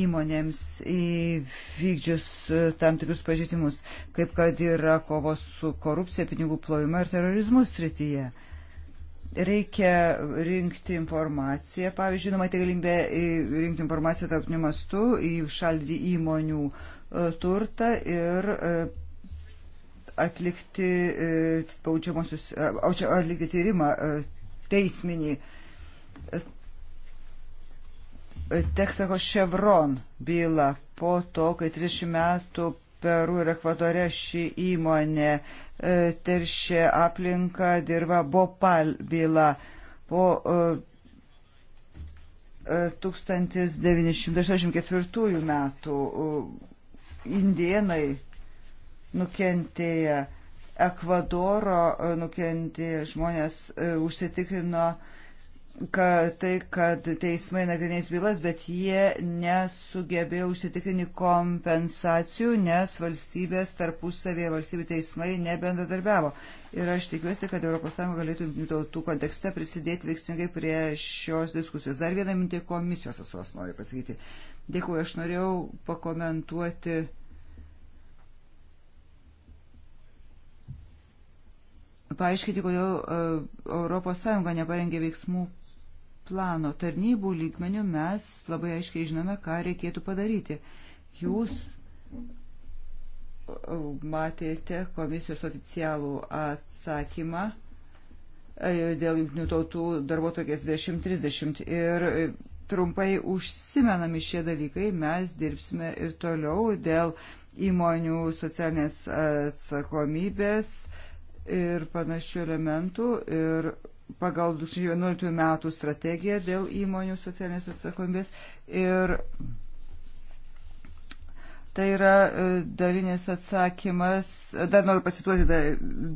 įmonėms įvykdžius tam tikrus pažeidimus, kaip kad yra kovos su korupcija, pinigų plovimo ir terorizmu srityje reikia rinkti informaciją, pavyzdžiui, numatė galimybę rinkti informaciją tarptautiniu mastu, įšaldyti įmonių e, turtą ir e, atlikti, e, baudžiamosius, atlikti tyrimą teisminį. Teksako Chevron byla po to, kai 30 metų Peru ir Ekvadore ši įmonė e, teršė aplinką, dirba Bopal byla. Po 1964 e, e, metų indienai nukentėję Ekvadoro nukentėję žmonės užsitikrino uh, kad tai, kad teismai nagrinės bylas, bet jie nesugebėjo užsitikrinti kompensacijų, nes valstybės tarpusavėje valstybių teismai nebendradarbiavo. Ir aš tikiuosi, kad ES galėtų tautų kontekste prisidėti veiksmingai prie šios diskusijos. Dar vieną mintį komisijos asvos noriu pasakyti. Dėkuoju, aš norėjau pakomentuoti. Paaiškinti, kodėl ES neparengė veiksmų plano. Tarnybų lygmenių mes labai aiškiai žinome, ką reikėtų padaryti. Jūs e, matėte komisijos oficialų atsakymą e, dėl jungtinių tautų darbo tokias 2030 ir e, trumpai užsimenami šie dalykai, mes dirbsime ir toliau dėl įmonių socialinės atsakomybės ir panašių elementų ir pagal 2011 metų strategiją dėl įmonių socialinės atsakomybės ir tai yra e, dalinės atsakymas, e, dar noriu pasituoti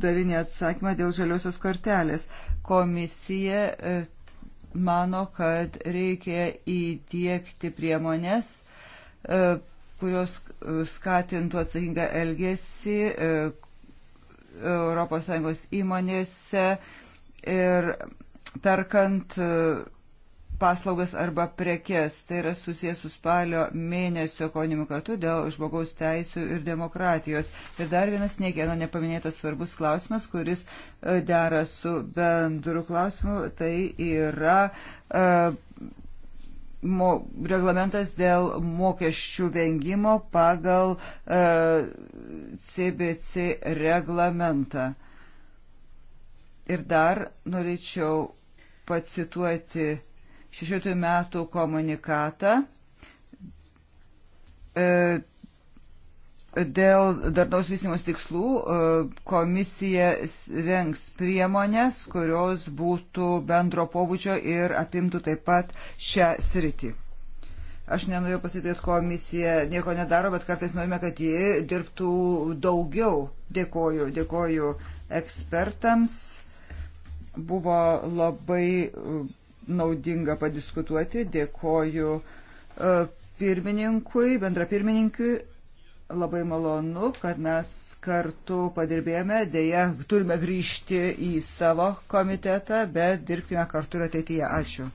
dalinį atsakymą dėl žaliosios kortelės. Komisija e, mano, kad reikia įtiekti priemonės, kurios skatintų atsakingą elgesį ES įmonėse, ir perkant e, paslaugas arba prekes. Tai yra susijęs su spalio mėnesio komunikatu dėl žmogaus teisų ir demokratijos. Ir dar vienas niekieno nepaminėtas svarbus klausimas, kuris e, dera su bendru klausimu, tai yra uh, mo, reglamentas dėl mokesčių vengimo pagal uh, CBC reglamentą. Uh, Ir dar norėčiau pacituoti 16 metų komunikatą e, dėl darnaus vysimos tikslų. E, komisija rengs priemonės, kurios būtų bendro pobūdžio ir apimtų taip pat šią sritį. Aš nenorėjau pasakyti, kad komisija nieko nedaro, bet kartais norime, kad ji dirbtų daugiau. Dėkoju, dėkoju ekspertams Buvo labai e, naudinga padiskutuoti. Dėkoju e, pirmininkui, bendrapirmininkui. Labai malonu, kad mes kartu padirbėjome. Deja, turime grįžti į savo komitetą, bet dirbkime kartu ir ateityje. Ačiū.